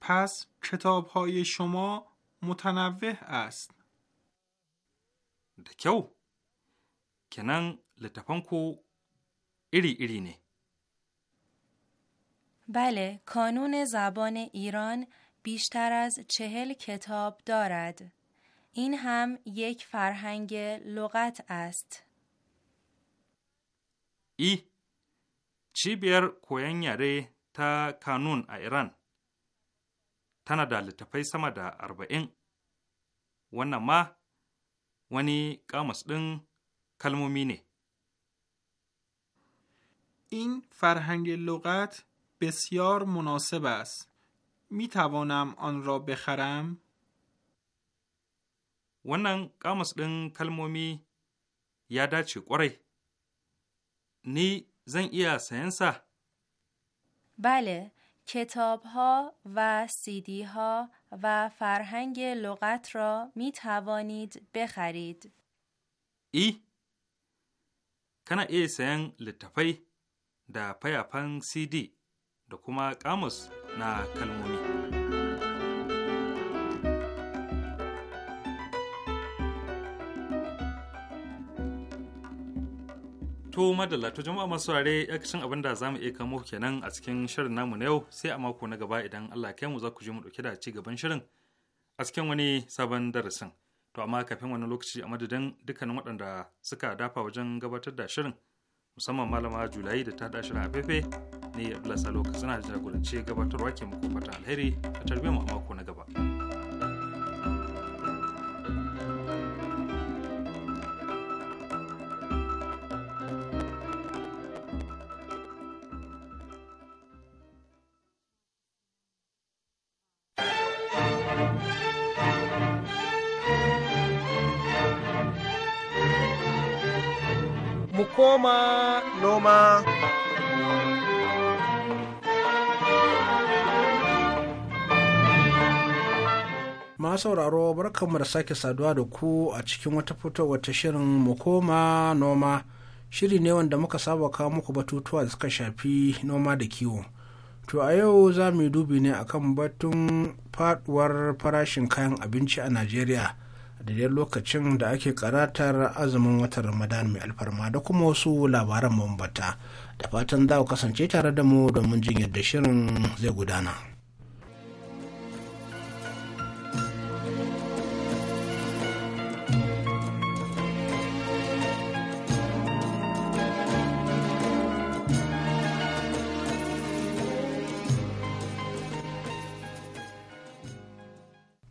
پس کتابهای شما متنوع است د کو کی نان لتفنکو اری ایری نه بله کانون زبان ایران بیشتر از چهل کتاب دارد این هم یک فرهنگ لغت است. ای چی بیر یاره یاری تا کانون ایران تانا دا لطفی سما دا اربعین وانا ما کامس دن کلمو مینه این فرهنگ لغت بسیار مناسب است. می توانم آن را بخرم؟ wannan kamus ɗin kalmomi ya dace kwarai. Ni zan iya sayansa? Bale, کتاب ها و سیدی ها و فرهنگ لغت را می kana iya sayan littafai da fayafan cd da kuma kamus na kalmomi. To madalla to jama'a masu ware yakacin abin da za mu iya kamo kenan a cikin shirin namu na yau sai a mako na gaba idan Allah kai mu za ku je mu dauke da ci gaban shirin a cikin wani sabon darasin. To amma kafin wani lokaci a madadin dukkanin waɗanda suka dafa wajen gabatar da shirin musamman malama Julai da ta da shirin afefe ne Abdullahi Salo Katsina da jagorance gabatarwa ke muku fata alheri a tarbiyyar mu a mako na gaba. noma noma. Ma sauraro barkanmu da sake saduwa da ku a cikin wata fitowar ta shirin mu koma noma. Shiri ne wanda muka saba kawo muku batutuwa da suka shafi noma da kiwo. To a yau za mu yi dubi ne akan batun faduwar farashin kayan abinci a Najeriya. daidai lokacin da ake karatar azumin watan ramadan mai alfarma da kuma wasu labaran mambata da fatan za ku kasance tare da mu domin jin yadda shirin zai gudana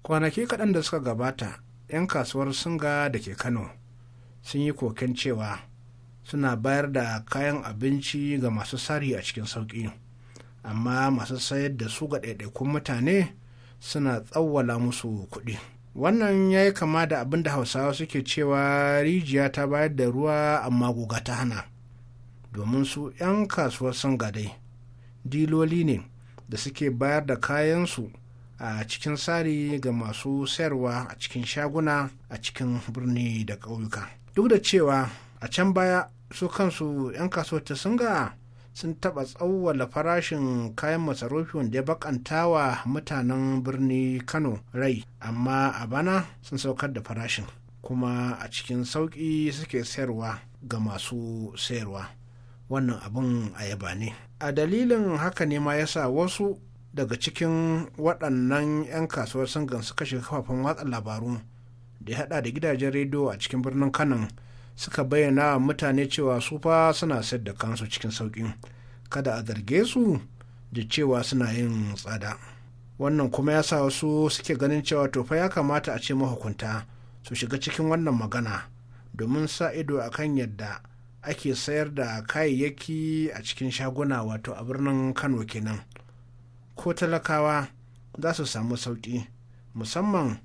kwanaki kaɗan da suka gabata 'yan kasuwar singa da ke kano sun yi koken cewa suna bayar da kayan abinci ga masu sari a cikin sauƙi amma masu sayar da su ga ɗaiɗaikun mutane suna tsawwala musu kuɗi wannan ya yi kama da abin da hausawa suke cewa rijiya ta bayar da ruwa amma guga ta hana domin su 'yan kasuwar singa dai diloli ne da suke bayar da kayansu a cikin tsari ga masu sayarwa a cikin shaguna a cikin birni da ƙauyuka duk da cewa a can baya su kansu 'yan kasuwar ta ga sun taɓa tsawwala farashin kayan masarufi wanda ya bakanta wa mutanen birni kano rai amma a bana sun saukar da farashin kuma a cikin sauƙi suke sayarwa ga masu sayarwa wannan abin a yaba ne a dalilin haka ne ma yasa wasu daga cikin waɗannan 'yan kasuwar sangan suka kashe kafafen watsa labaru da ya haɗa da gidajen rediyo a cikin birnin Kano, suka bayyana mutane cewa su fa suna sayar da kansu cikin sauƙi kada a zarge su da cewa suna yin tsada wannan kuma ya sa wasu suke ganin cewa to fa ya kamata a ce mahukunta su shiga cikin wannan magana domin sa ido a kan yadda ake sayar da kayayyaki a cikin shaguna wato a birnin kano kenan ko talakawa za su samu sauƙi musamman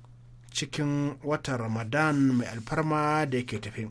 cikin watan ramadan mai alfarma da yake tafi.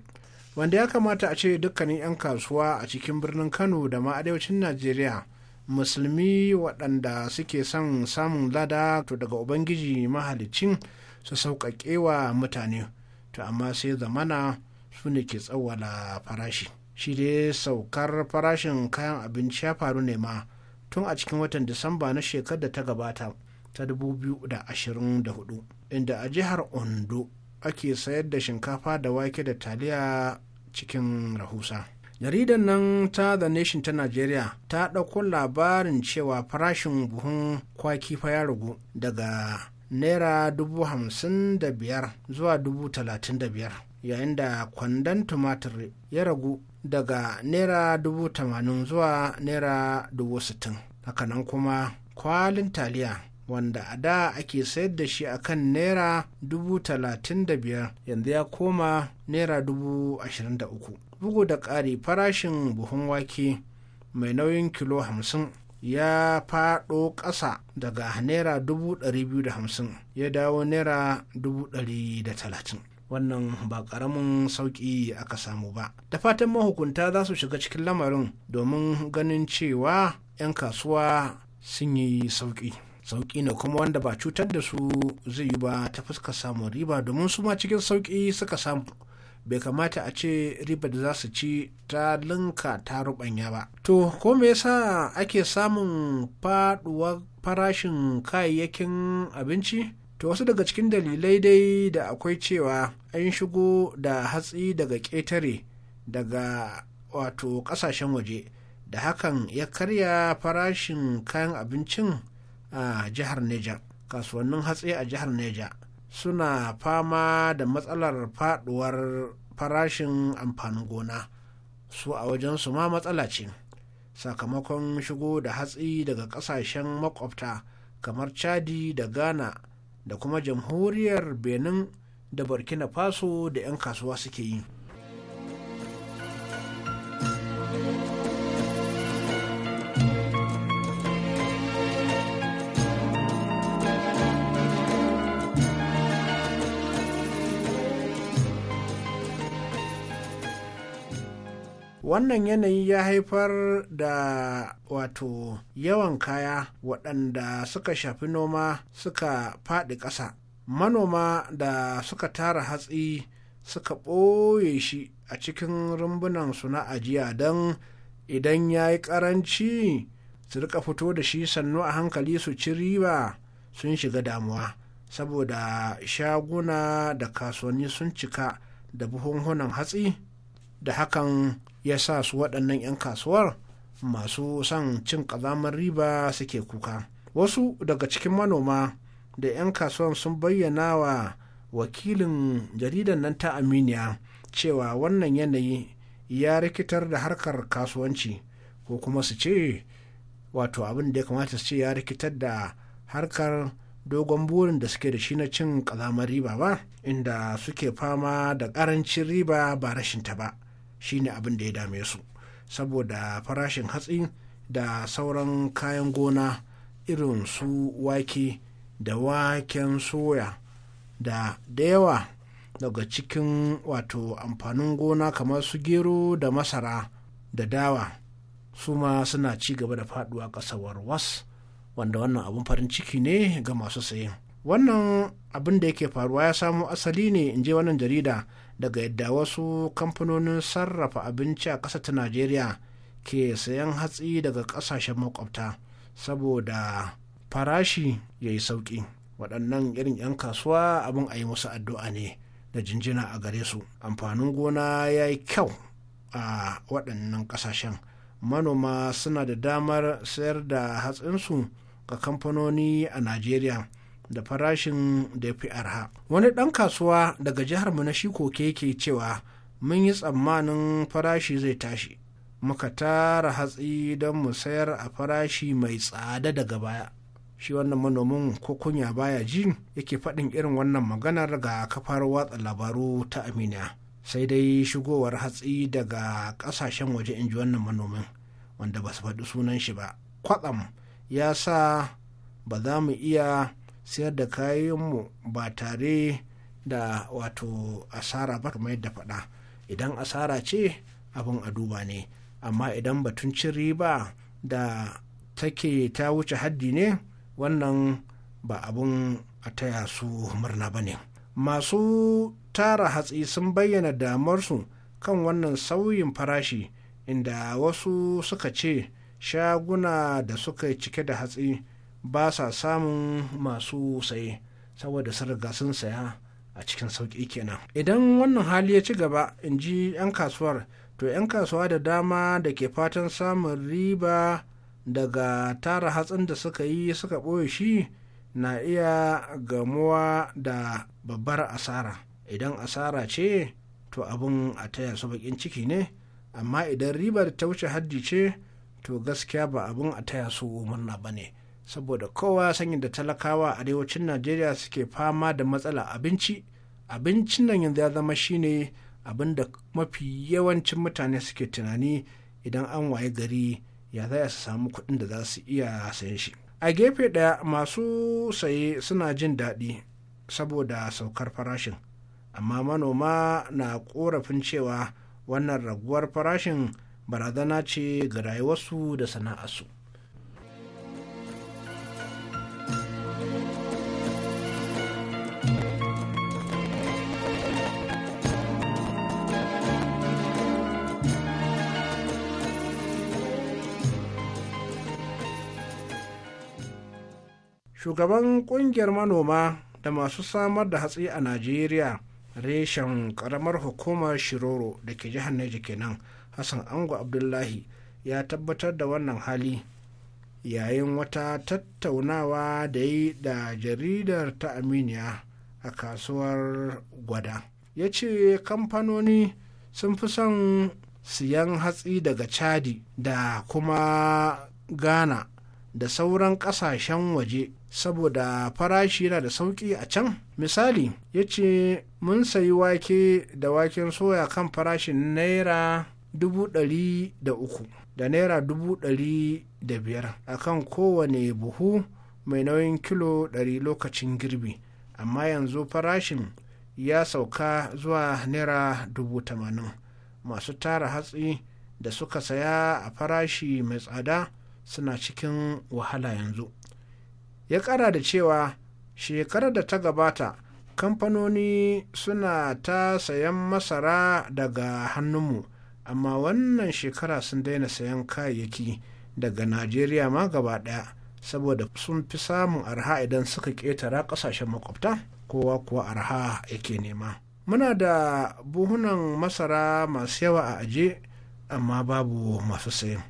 wanda ya kamata a ce dukkanin 'yan kasuwa a cikin birnin kano da ma najeriya musulmi waɗanda suke son samun lada to daga ubangiji mahalicin su sauƙaƙe wa mutane to amma sai zamana su ne ke tsawwala farashi shi dai saukar farashin kayan abinci ya faru ne ma tun a cikin watan disamba na shekar da ta gabata ta 2024 inda a jihar ondo ake sayar da shinkafa da wake da taliya cikin rahusa jaridar nan ta the nation ta nigeria ta ɗauko labarin cewa farashin buhun kwaki fa ya ragu daga naira dubu hamsin da biyar zuwa dubu talatin da biyar yayin da kwandon tumatir ya ragu daga naira dubu tamanin zuwa naira dubu sittin hakanan kuma kwalin taliya wanda a da ake sayar da shi a kan naira dubu talatin da biyar yanzu ya koma naira dubu ashirin da uku bugu da ƙari farashin buhun wake mai nauyin kilo hamsin ya faɗo ƙasa daga naira dubu ɗari biyu da hamsin ya dawo naira dubu ɗari da talatin wannan ba ƙaramin sauƙi aka samu ba da fatan mahukunta za su shiga cikin lamarin domin ganin cewa 'yan kasuwa sun yi sauƙi sauƙi ne kuma wanda ba cutar da su zai yi ba ta fuskar samun riba domin su ma cikin sauki suka samu bai kamata a ce riba da za su ci ta linka ta rubanya ba to ko me yasa ake samun faduwar farashin kayayyakin abinci to wasu daga cikin dalilai dai da akwai cewa an shigo da hatsi daga ƙetare daga wato ƙasashen waje da hakan ya karya farashin kayan abincin a jihar neja kasuwannin hatsi a jihar neja suna fama da matsalar faɗuwar farashin amfanin gona su a wajensu ma matsala ce sakamakon shigo da hatsi daga ƙasashen makwabta kamar chadi da ghana da kuma jamhuriyar benin da burkina faso da 'yan kasuwa suke yi wannan yanayi ya haifar da wato yawan kaya waɗanda suka shafi noma suka faɗi ƙasa manoma da suka tara hatsi suka ɓoye shi a cikin rumbunan su na ajiya don idan ya yi ƙaranci su rika fito da shi sannu a hankali su ci riba sun shiga damuwa saboda shaguna da kasuwanni sun cika da buhunhunan hatsi da hakan ya sa su waɗannan 'yan kasuwar masu son cin ƙazamar riba suke kuka wasu daga cikin manoma da 'yan kasuwar sun bayyana wa wakilin jaridan nan ta aminiya cewa wannan yanayi ya rikitar da harkar kasuwanci ko kuma su ce wato abin da ya kamata su ce ya rikitar da harkar dogon burin da suke da shi na cin ƙazamar riba ba inda suke fama da ƙarancin riba ba rashinta ba shine abin da ya dame su saboda farashin hatsi da sauran kayan gona irin su wake da waken soya da da yawa daga cikin wato amfanin gona kamar su gero da masara da dawa su ma suna ci gaba da faduwa kasawar was wanda wannan abin farin ciki ne ga masu sayen wannan abin da yake faruwa ya samo asali ne in je wannan jarida daga yadda wasu kamfanonin sarrafa abinci a ƙasa ta najeriya ke sayan hatsi daga ƙasashen makwabta saboda farashi ya yi sauƙi waɗannan irin 'yan kasuwa abin a yi musu addu'a ne da jinjina a gare su amfanin gona ya yi kyau a waɗannan ƙasashen manoma suna da damar sayar da hatsinsu ga kamfanoni a najeriya da farashin da fi arha wani ɗan kasuwa daga jihar mu na shikoke ke cewa mun yi tsammanin farashi zai tashi muka tara hatsi don mu sayar a farashi mai tsada daga baya shi wannan manomin ko kunya baya ji yake faɗin irin wannan maganar ga kafar watsa labaru ta amina sai dai shigowar hatsi daga ƙasashen waje in ji wannan manomin wanda ba su faɗi sunan shi ba kwatsam ya sa ba za mu iya sayar da kayanmu ba tare da wato asara ba kamar yadda faɗa idan asara ce abin a duba ne amma idan batun cin riba da take ta wuce haddi ne wannan ba abun a taya su murna ba ne masu tara hatsi sun bayyana damarsu kan wannan sauyin farashi inda wasu suka ce shaguna da suka cike da hatsi ba sa samun masu saye saboda sun riga sun saya a cikin sauƙi kenan idan wannan hali ya ci gaba in ji 'yan kasuwar to 'yan kasuwa da dama da ke fatan samun riba daga tara hatsin da suka yi suka ɓoye shi na iya gamuwa da babbar asara idan asara ce to abin a taya su bakin ciki ne amma idan ribar ta wuce haddi ce to gaskiya ba abin a taya su murna ba ne saboda kowa sanyin da talakawa a arewacin najeriya suke fama da matsala abinci abincin nan yanzu ya zama shine abin da mafi yawancin mutane suke tunani idan an waye gari ya za su samu kuɗin da za su iya sayan shi a gefe ɗaya masu saye suna jin daɗi saboda saukar farashin amma manoma na korafin cewa wannan raguwar farashin barazana ce ga rayuwarsu da sana'arsu shugaban kungiyar manoma da masu samar da hatsi a najeriya reshen karamar hukumar shiroro da ke jihar neja kenan hassan ango abdullahi ya tabbatar da wannan hali yayin wata tattaunawa da yi da jaridar ta aminiya a kasuwar gwada ya ce kamfanoni sun fi son siyan hatsi daga chadi da kuma ghana da sauran kasashen waje saboda farashi yana da sauƙi a can misali ya ce mun sayi wake da waken soya kan farashin naira dubu ɗari da uku da naira dubu ɗari da biyar a kan kowane buhu mai nauyin kilo ɗari lokacin girbi amma yanzu farashin ya sauka zuwa naira dubu tamanin masu tara hatsi da suka saya a farashi mai tsada suna cikin wahala yanzu ya kara da cewa shekarar da ta gabata kamfanoni suna ta sayan masara daga hannunmu amma wannan shekara sun daina sayan kayayyaki daga najeriya ma gaba daya saboda sun fi samun arha idan suka ƙetara ƙasashen makwabta kowa kuwa arha yake nema muna da buhunan masara masu yawa a aje amma babu masu sayan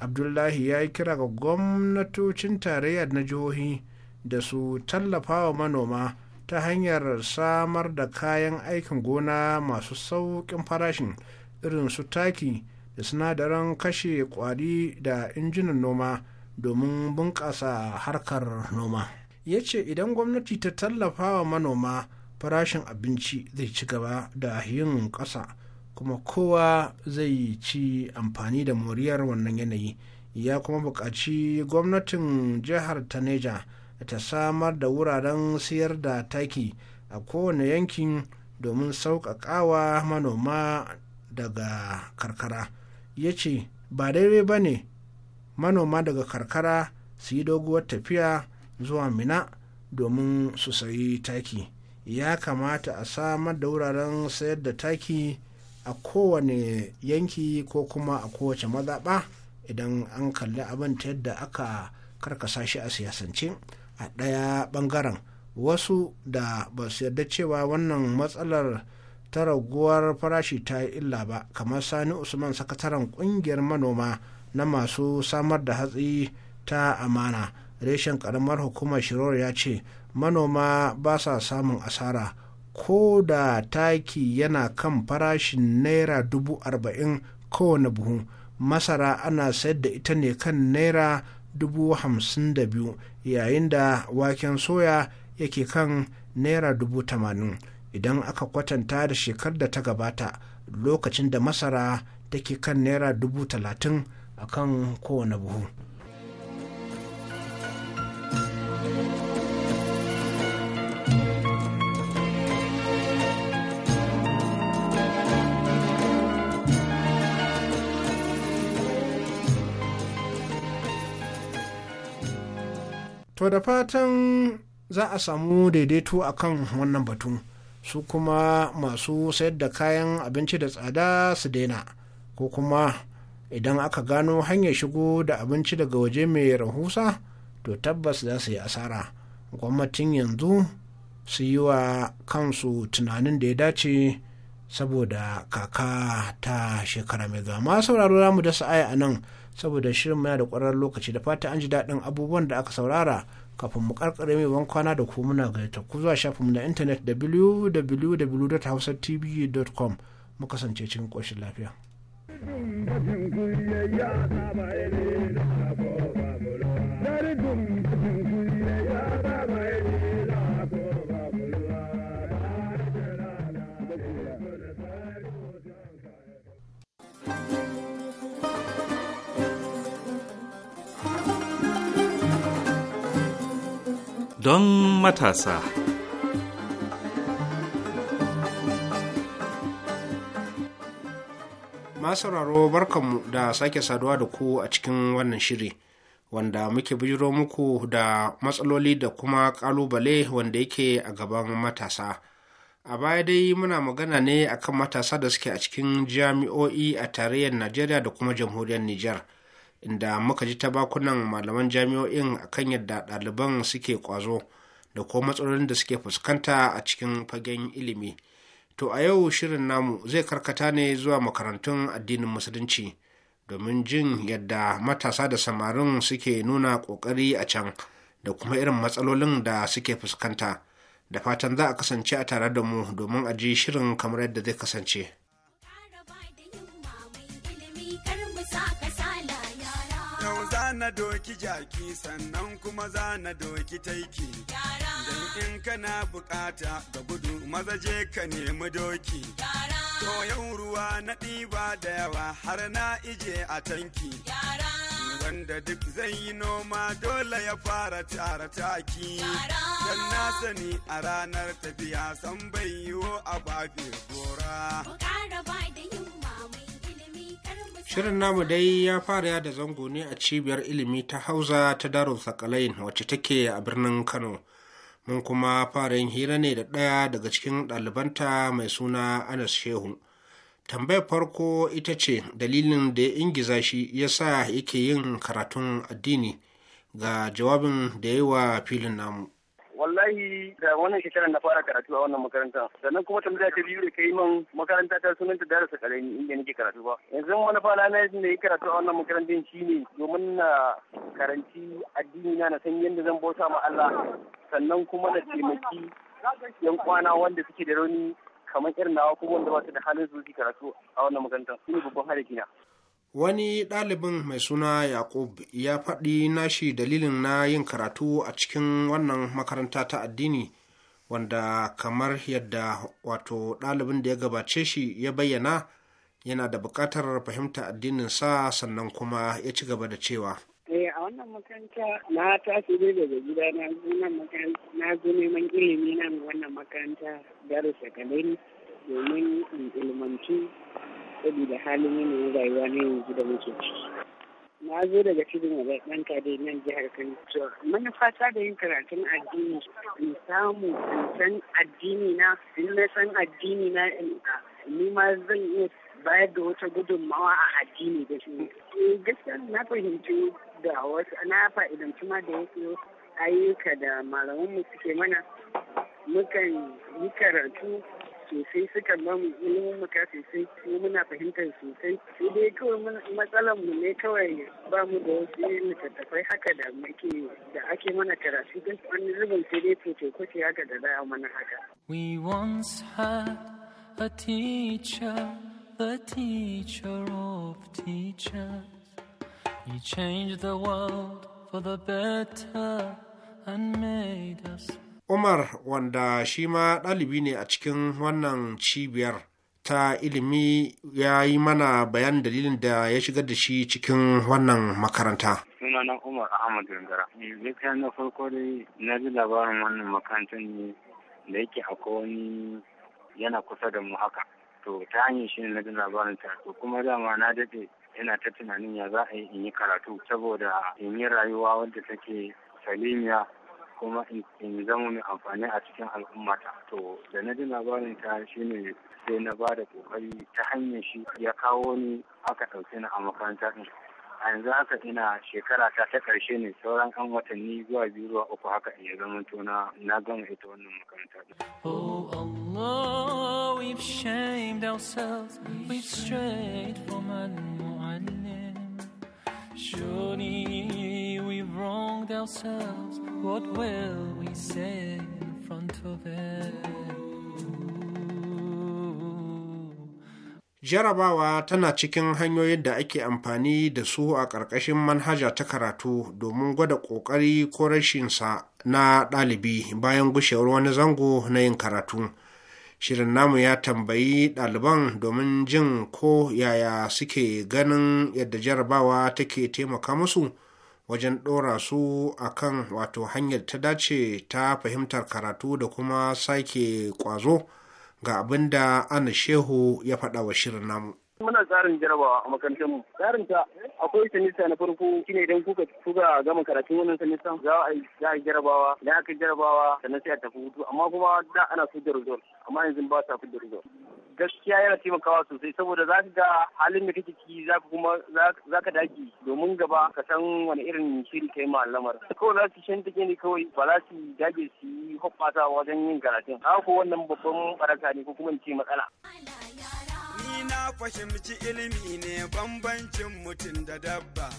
abdullahi ya yi kira ga gwamnatocin tarayya na jihohi da su tallafa wa manoma ta hanyar samar da kayan aikin gona masu sauƙin farashin irin su taki da sinadaran kashe kwari da injinan noma domin bunƙasa harkar noma ya ce idan gwamnati ta tallafa wa manoma farashin abinci zai ci gaba da yin ƙasa kuma kowa zai ci amfani da moriyar wannan yanayi ya kuma buƙaci gwamnatin jihar taneja ta samar da wuraren siyar da taki a kowane yankin domin sauƙaƙawa manoma daga karkara ya ce ba daidai ba ne manoma daga karkara su yi doguwar tafiya zuwa mina domin su sayi taki ya kamata a samar da wuraren sayar da taki a kowane yanki ko kuma a kowace mazaɓa idan an kalli abin ta yadda aka karkasa shi a siyasance a ɗaya ɓangaren wasu da ba su yarda cewa wannan matsalar ta raguwar farashi ta yi illa ba kamar sani usman sakataren ƙungiyar manoma na masu samar da hatsi ta amana reshen ƙaramar hukumar shiror ya ce manoma ba sa samun asara ko da taki yana kan farashin naira dubu arba'in kowane buhu masara ana sayar da ita ne kan naira dubu hamsin da biyu yayin da waken soya yake kan naira dubu tamanin idan aka kwatanta da shekar da ta gabata lokacin da masara take kan naira dubu talatin a kan kowane buhu to da fatan za a samu daidaito a kan wannan batu su kuma masu sayar da kayan abinci da tsada su daina ko kuma idan aka gano hanyar shigo da abinci daga waje mai rahusa to tabbas za su yi asara gwamnatin yanzu su yi wa kansu tunanin da ya dace saboda kaka ta shekara mai zama sauraro za mu da sa'aya a nan saboda shirin muna da kwararar lokaci da fata an ji daɗin abubuwan da aka saurara kafin mu karkare mai ban kwana da ku muna gaita ku zuwa shafin mu na intanet www.hausatv.com mu kasance cikin ƙoshin lafiya. Dari dum don matasa. Masauraro barkanmu da sake saduwa da ku a cikin wannan shiri wanda muke bijiro muku da matsaloli da kuma kalubale wanda yake a gaban matasa. A baya dai muna magana ne akan matasa da suke a cikin jami'o'i a tarayyar Najeriya da kuma jamhuriyar Nijar. inda muka ji ta bakunan malaman jami'o'in a kan yadda ɗaliban suke ƙwazo da kuma matsalolin da suke fuskanta a cikin fagen ilimi to a yau shirin namu zai karkata ne zuwa makarantun addinin musulunci domin jin yadda matasa da samarin suke nuna ƙoƙari a can da kuma irin matsalolin da suke fuskanta da fatan za a kasance a tare da mu domin a ji shirin kamar yadda zai kasance. na doki jaki sannan kuma za na doki taiki dan in kana bukata ga gudu maza je ka nemi doki to ruwa na ɗiba da yawa har na ije a tanki wanda duk zai yi noma dole ya fara tara taki Don na sani a ranar tafiya san bai yiwo a bafe gora Shirin namu dai ya fara da zango ne a cibiyar ilimi ta Hausa ta Darul Sakalain wacce take a birnin Kano. Mun kuma fara yin hira ne da ɗaya daga cikin ɗalibanta mai suna Anas Shehu. Tambayar farko ita ce dalilin da ya ingiza shi ya sa yake yin karatun addini ga jawabin da ya yi wa filin namu. Wallahi da wannan shekarar na fara karatu a wannan makarantar sannan kuma tambaya ta biyu da kai man makaranta ta ta darasa karami inda nake karatu ba yanzu manufa na na yi karatu a wannan makarantar ne domin na karanci addini na na san yadda zan bauta ma Allah sannan kuma na taimaki yan kwana wanda suke da rauni kamar irin nawa kuma wanda ba su da halin zuci karatu a wannan makarantar shine babban harafi na wani ɗalibin mai suna yakub ya faɗi nashi dalilin na yin karatu a cikin wannan makaranta ta addini wanda kamar yadda wato ɗalibin da ya gabace shi ya bayyana yana da buƙatar fahimta addininsa sannan kuma ya ci gaba da cewa eh, a wannan makaranta na tashi ne daga gida na na zo neman ilimi na wannan makaranta daru sakandare domin in ilmantu saboda halin yanayin rayuwa na yanzu da muke Na zo daga cikin wajen ɗan kare nan jihar Kano. Manufa ta da yin karatun addini in samu in san addini na in na san addini na ni ma zan iya bayar da wata gudunmawa a addini da shi. Eh, gaskiya na fahimci da wasu na fa'idanci ma da yake ayyuka da malamanmu suke mana mukan yi karatu sosai sukan ba mu sosai kuma muna fahimtar sosai sai dai kawai ne kawai ba mu da wasu littattafai haka da muke da ake mana karatu don wani zubin sai dai kwace haka da mana haka. We once had a teacher, the teacher of teachers. He changed the world for the better and made us umar wanda shi ma ɗalibi ne a cikin wannan cibiyar ta ilimi ya yi mana bayan dalilin da ya shigar da shi cikin wannan makaranta sunana umar ahmad gangara gaskiya na farko dai na ji labarin wannan makarantar ne da yake a wani yana kusa da mu haka to ta hanyar shi na ji labarin ta to kuma dama na daɗe yana ta tunanin ya za a yi in yi karatu saboda in yi rayuwa wadda take salimiya kuma in zama mai amfani a cikin al'ummata to da na ji labarin ta shi ne sai na ba da kokari ta hanyar shi ya kawo ni aka ɗauke ni a makaranta ɗin a yanzu haka ina shekara ta ta ƙarshe ne sauran an watanni zuwa biyu zuwa uku haka in ya zama tona na gama ita wannan makaranta ɗin. Oh we've shamed ourselves, we've strayed from Surely Jarabawa tana cikin hanyoyin da ake amfani da su a ƙarƙashin manhaja ta karatu domin gwada ƙoƙari ko rashinsa na ɗalibi bayan gushewar wani zango na yin karatu. shirin namu ya tambayi ɗaliban domin jin ko yaya suke ganin yadda jarabawa take taimaka musu wajen ɗora su a kan wato hanyar ta dace ta fahimtar karatu da kuma sake ƙwazo ga abin da ana shehu ya faɗa wa shirin namu. Muna tsarin jarabawa a makarantar mu. Tsarin ta akwai sanista na farko shine idan kuka kuka gama karatun wannan sanista za a yi za a jarabawa da aka jarabawa sannan sai a tafi hutu amma kuma da ana so da result amma yanzu ba fi da result. Gaskiya yana taimakawa sosai saboda za ka ga halin da kake ciki za ka kuma za ka dage domin gaba ka san wani irin shiri kai ma al'amar. Kawai za su shantake ne kawai ba za su dage su yi hoɓɓasa wajen yin karatun. Haka ko wannan babban baraka ne ko kuma in ce matsala. na fahimci ilimi ne bambancin mutum da dabba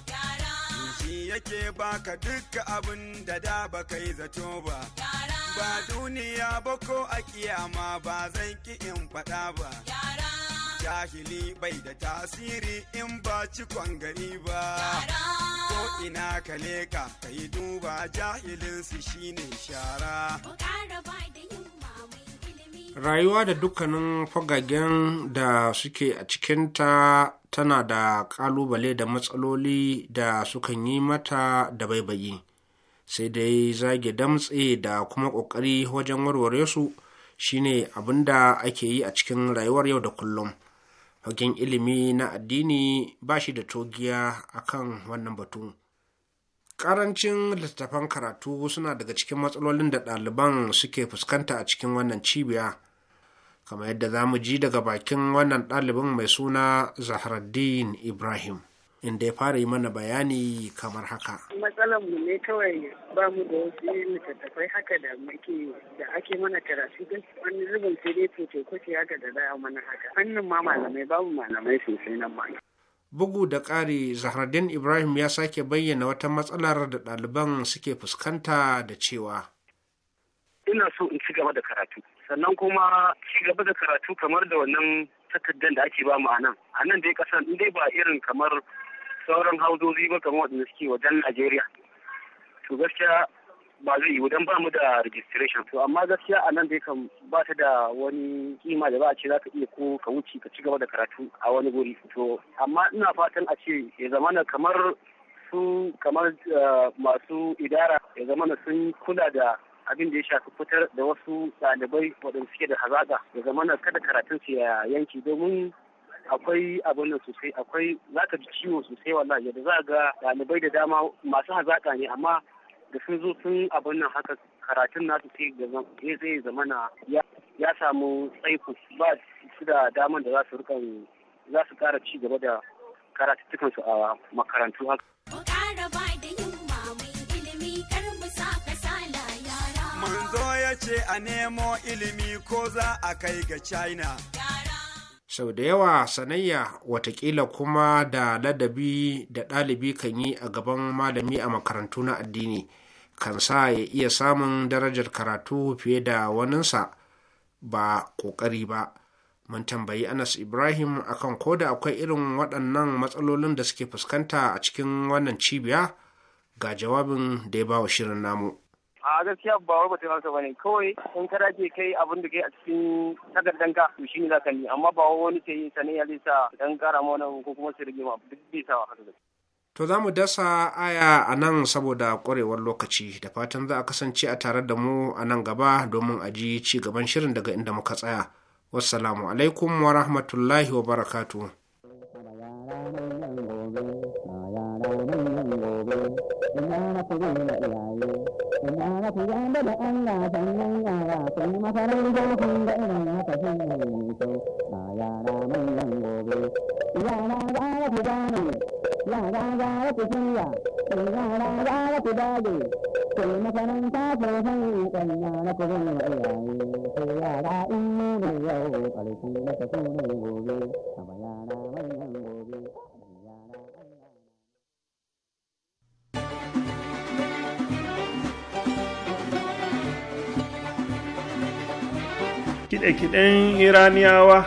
shi yake baka dukka abin da da baka yi zato ba ba duniya ba ko a kiyama ba zan ki in faɗa ba jahili bai da tasiri in ba cikon gari ba ko ina ka leka ka yi duba jahilinsu shine shara rayuwa da dukkanin fagagen da suke a cikinta tana da ƙalubale da matsaloli da sukan yi mata da baibayi sai dai zage damtse da kuma ƙoƙari wajen warware su shine abin da ake yi a cikin rayuwar yau da kullum fagen ilimi na addini ba shi da togiya akan wannan batun. karancin littattafan karatu suna daga cikin matsalolin da ɗaliban suke fuskanta a cikin wannan cibiya kamar yadda za mu ji daga bakin wannan ɗalibin mai suna zahraddin ibrahim inda ya fara yi mana bayani kamar haka. Matsalar mu ne kawai ba mu da wasu littattafai haka da muke da ake mana karatu da wani zubin sai dai fito kwace haka da za a mana haka. Hannun ma malamai babu malamai sosai nan ma. bugu da ƙari zahradin ibrahim ya sake bayyana wata matsalar da ɗaliban suke fuskanta da cewa ina so in ci gaba da karatu sannan kuma ci gaba da karatu kamar da wannan takardar da ake ba mu anan, anan dai kasan in dai ba irin kamar sauran hauzozi ba kamar waɗanda suke wajen najeriya to gaskiya ba zai yiwu don ba mu da registration to amma gaskiya a nan dai kan ba ta da wani kima da ba a ce za ka iya ko ka wuce ka ci gaba da karatu a wani guri to amma ina fatan a ce ya zamana kamar su kamar eh, masu idara ya zamana sun kula da abin da ya shafi fitar da wasu ɗalibai waɗanda suke da hazaka. ya zamana kada karatun su ya yanki domin akwai abin nan sosai akwai zaka ka ji ciwo sosai wallahi yadda za ga ɗalibai da dama masu hazaka ne amma da sun zo sun abin nan haka karatun nasu sai zai zamana ya samu tsaiko ba su da damar da za su rikan za su kara ci gaba da karatuttukansu a makarantu haka. mun zo ya ce a nemo ilimi ko za a kai ga China. sau da yawa sanayya watakila kuma da ladabi da ɗalibi kan yi a gaban malami a makarantu na addini kan sa ya iya samun darajar karatu fiye da waninsa ba ƙoƙari ba mun tambayi anas ibrahim akan ko da akwai irin waɗannan matsalolin da suke fuskanta a cikin wannan cibiya ga jawabin da ya ba wa shirin namu a gaskiya ba wai bata masa bane kawai in ka dace kai abin da kai a cikin takardan ka to shine zaka yi amma ba wani ta yi sanin ya lisa dan kara mana ko kuma su rige ma duk bai sa To za mu dasa aya a nan saboda ƙwarewar lokaci da fatan za a kasance a tare da mu a nan gaba domin a ji ci gaban shirin daga inda muka tsaya. Wassalamu alaikum wa rahmatullahi wa barakatu. là thì ăn bất được ăn là chẳng ăn là là chẳng mà phải ăn vô không để là phải ăn là tu là ya là mình làm vô vi ya là ra là thì ra này ya ra ra là thì chi ya thì ya là ra là thì ra gì thì mà phải ăn ta phải ăn cần ya là thì ra này thì ya ra in này yo phải thì nó phải tu này vô vi kiɗe-kiɗen iraniyawa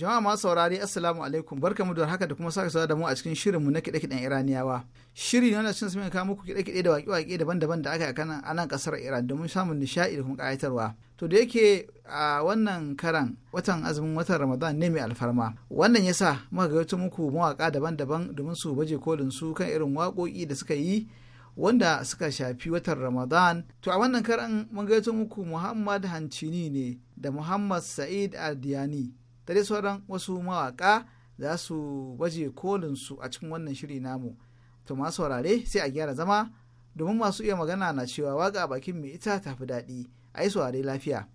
jama'a masu saurari assalamu alaikum barkamu da haka da kuma sake saurara da mu a cikin shirinmu na kiɗe-kiɗen iraniyawa shiri ne wanda cin su kawo muku kiɗe-kiɗe da waƙe-waƙe daban-daban da aka yi kanan a nan ƙasar iran domin samun nishaɗi da kuma ƙayatarwa to da yake a wannan karan watan azumin watan ramadan ne mai alfarma wannan yasa muka gayatu muku mawaƙa daban-daban domin su baje kolin su kan irin waƙoƙi da suka yi wanda suka shafi watan Ramadan. To a wannan karan mun gaito muku Muhammad Hancini ne da Muhammad Sa'id Adiyani da dai sauran wasu mawaka za su baje kolinsu a cikin wannan shiri namu. To masu saurare sai a gyara zama domin masu iya magana na cewa waka bakin mai ita tafi daɗi. A yi saurare lafiya.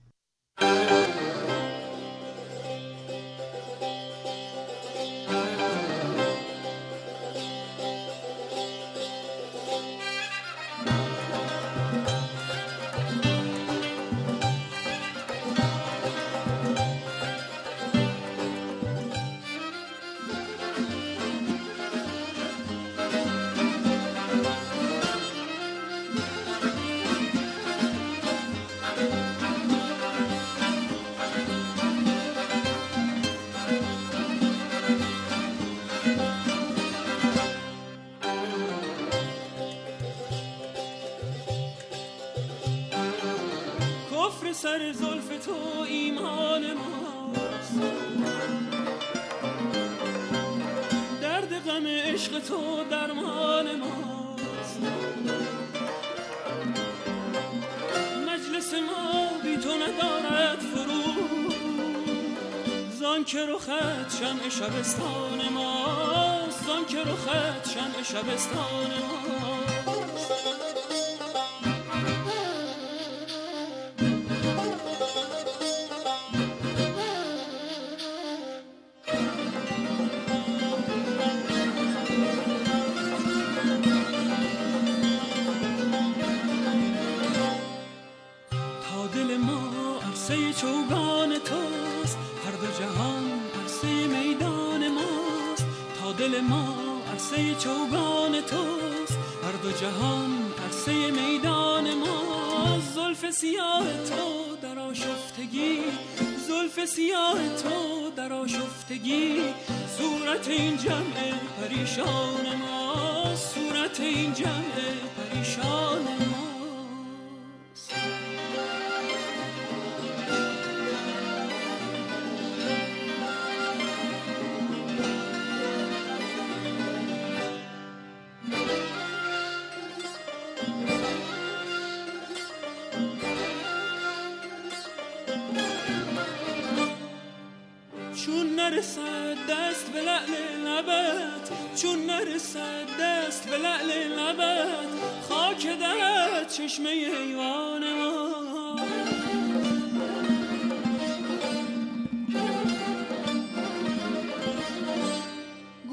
سر زلف تو ایمان ماست درد غم عشق تو درمان ماست مجلس ما بی تو ندارد فرو زان که رو خد شمع شبستان ماست زان که رو خد شمع شبستان ماست angel. چون نرسد دست به لعل لبت خاک در چشمه ایوان ما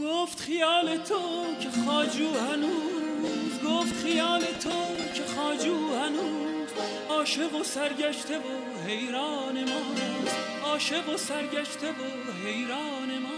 گفت خیال تو که خاجو هنوز گفت خیال تو که خاجو هنوز عاشق و سرگشته و حیران ما عاشق و سرگشته و حیران ما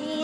see.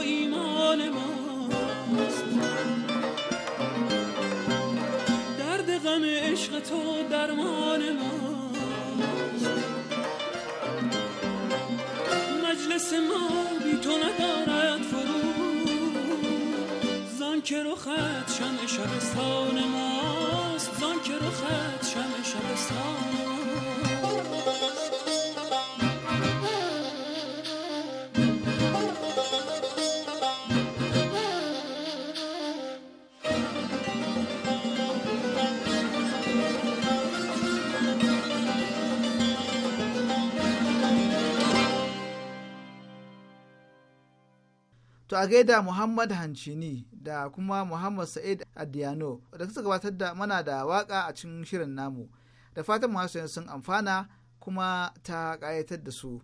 a gaida Muhammad Hancini da kuma Muhammad Sa'id Adiyano da suka gabatar da mana da waka a cikin shirin namu. Da fatan masu sun amfana kuma ta ƙayatar da su.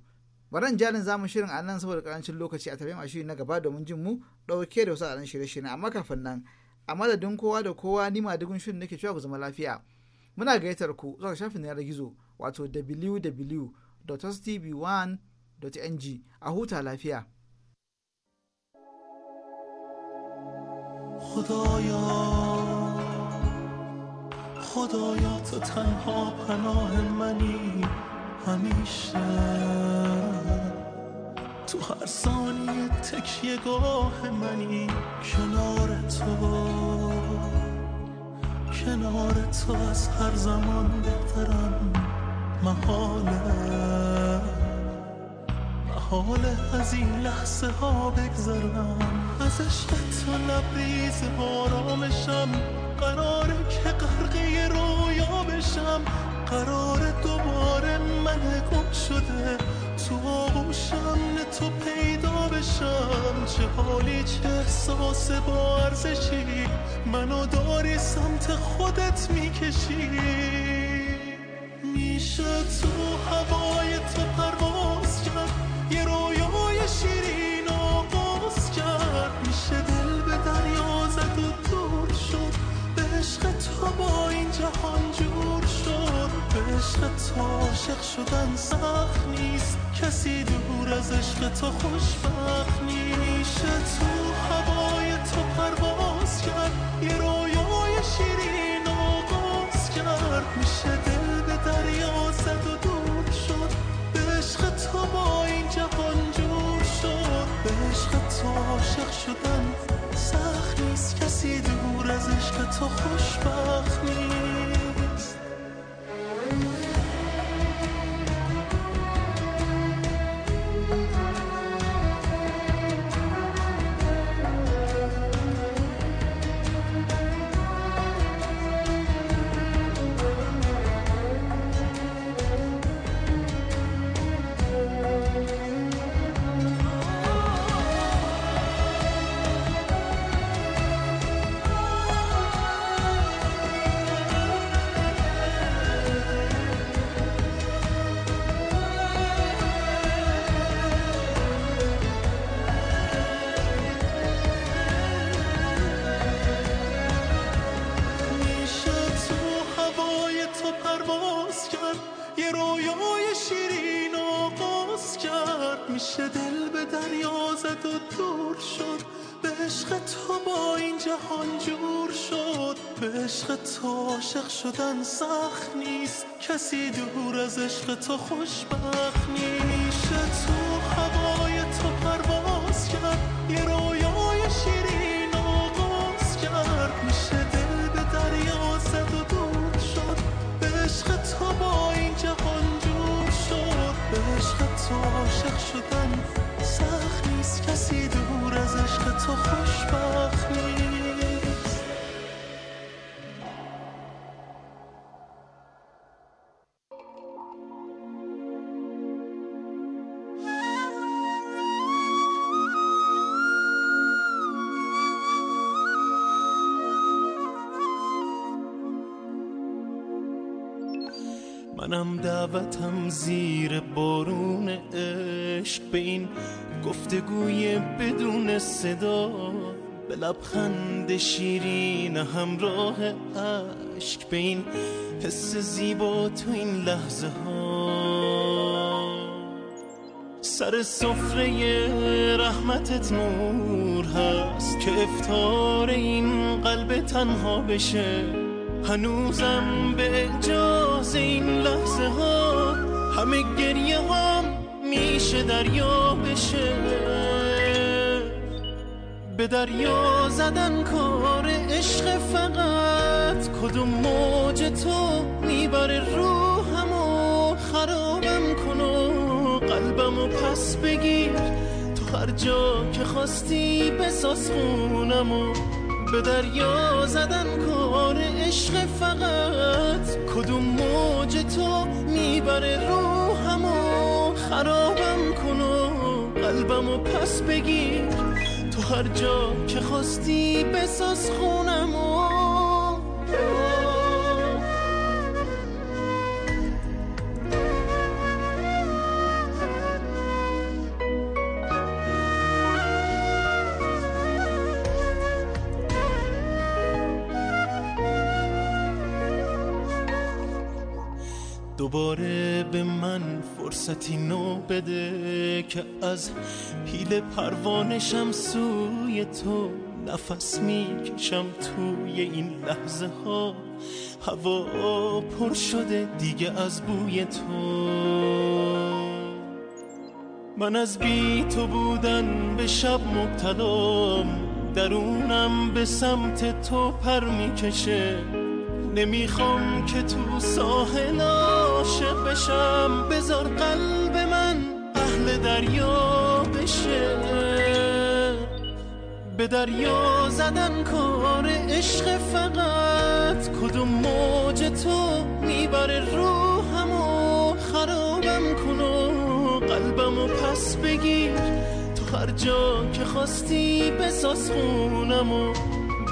Baran jalin zamu shirin a nan saboda karancin lokaci a tafiyan mashi na gaba domin jin mu ɗauke da wasu a shirye-shirye amma kafin nan a madadin kowa da kowa ni ma dugun shirin nake cewa ku zama lafiya. Muna gayyatar ku zuwa shafin yanar gizo wato www.tv1.ng a huta lafiya. خدایا خدایا تو تنها پناه منی همیشه تو هر ثانیه تکیه گاه منی کنار تو کنار تو از هر زمان بهترم محاله محاله از این لحظه ها بگذرم از عشق تو لبریز بارامشم قراره که غرقه رویا بشم قراره دوباره من گم شده تو آغوشم تو پیدا بشم چه حالی چه احساس با ارزشی منو داری سمت خودت میکشی میشه تو هوای با این جهان جور شد به عشق تو عاشق شدن سخت نیست کسی دور از عشق تو خوشبخت میشه تو هوای تو پرواز کرد یه رویای شیرین آغاز کرد میشه دل به دریا زد و دور شد به عشق تو با این جهان جور شد به عشق تو عاشق شدن سخت نیست کسی دور عشق تو خوشبخت می عاشق شدن سخت نیست کسی دور از عشق تو خوشبخت نیست کنم دعوتم زیر بارون عشق به این گفتگوی بدون صدا به لبخند شیرین همراه عشق به این حس زیبا تو این لحظه ها سر سفره رحمتت نور هست که افتار این قلب تنها بشه هنوزم به جاز این لحظه ها همه گریه هم میشه دریا بشه به دریا زدن کار عشق فقط کدوم موج تو میبره روحمو خرابم کن و قلبمو پس بگیر تو هر جا که خواستی بساز خونمو به دریا زدن کار عشق فقط کدوم موج تو میبره روحمو خرابم کن و قلبمو پس بگیر تو هر جا که خواستی بساز خونمو ستینو بده که از پیل پروانشم سوی تو نفس میکشم توی این لحظه ها هوا پر شده دیگه از بوی تو من از بی تو بودن به شب مبتلام درونم به سمت تو پر میکشه نمیخوام که تو ساحلم عاشق بشم بذار قلب من اهل دریا بشه به دریا زدن کار عشق فقط کدوم موج تو میبره روحمو خرابم کن و قلبمو پس بگیر تو هر جا که خواستی بساز خونمو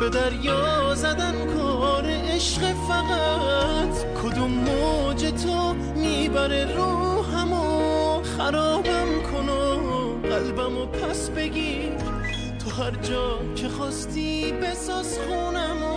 به دریا زدن کار عشق فقط کدوم موج تو میبره روحمو خرابم کن و قلبمو پس بگیر تو هر جا که خواستی بساز خونمو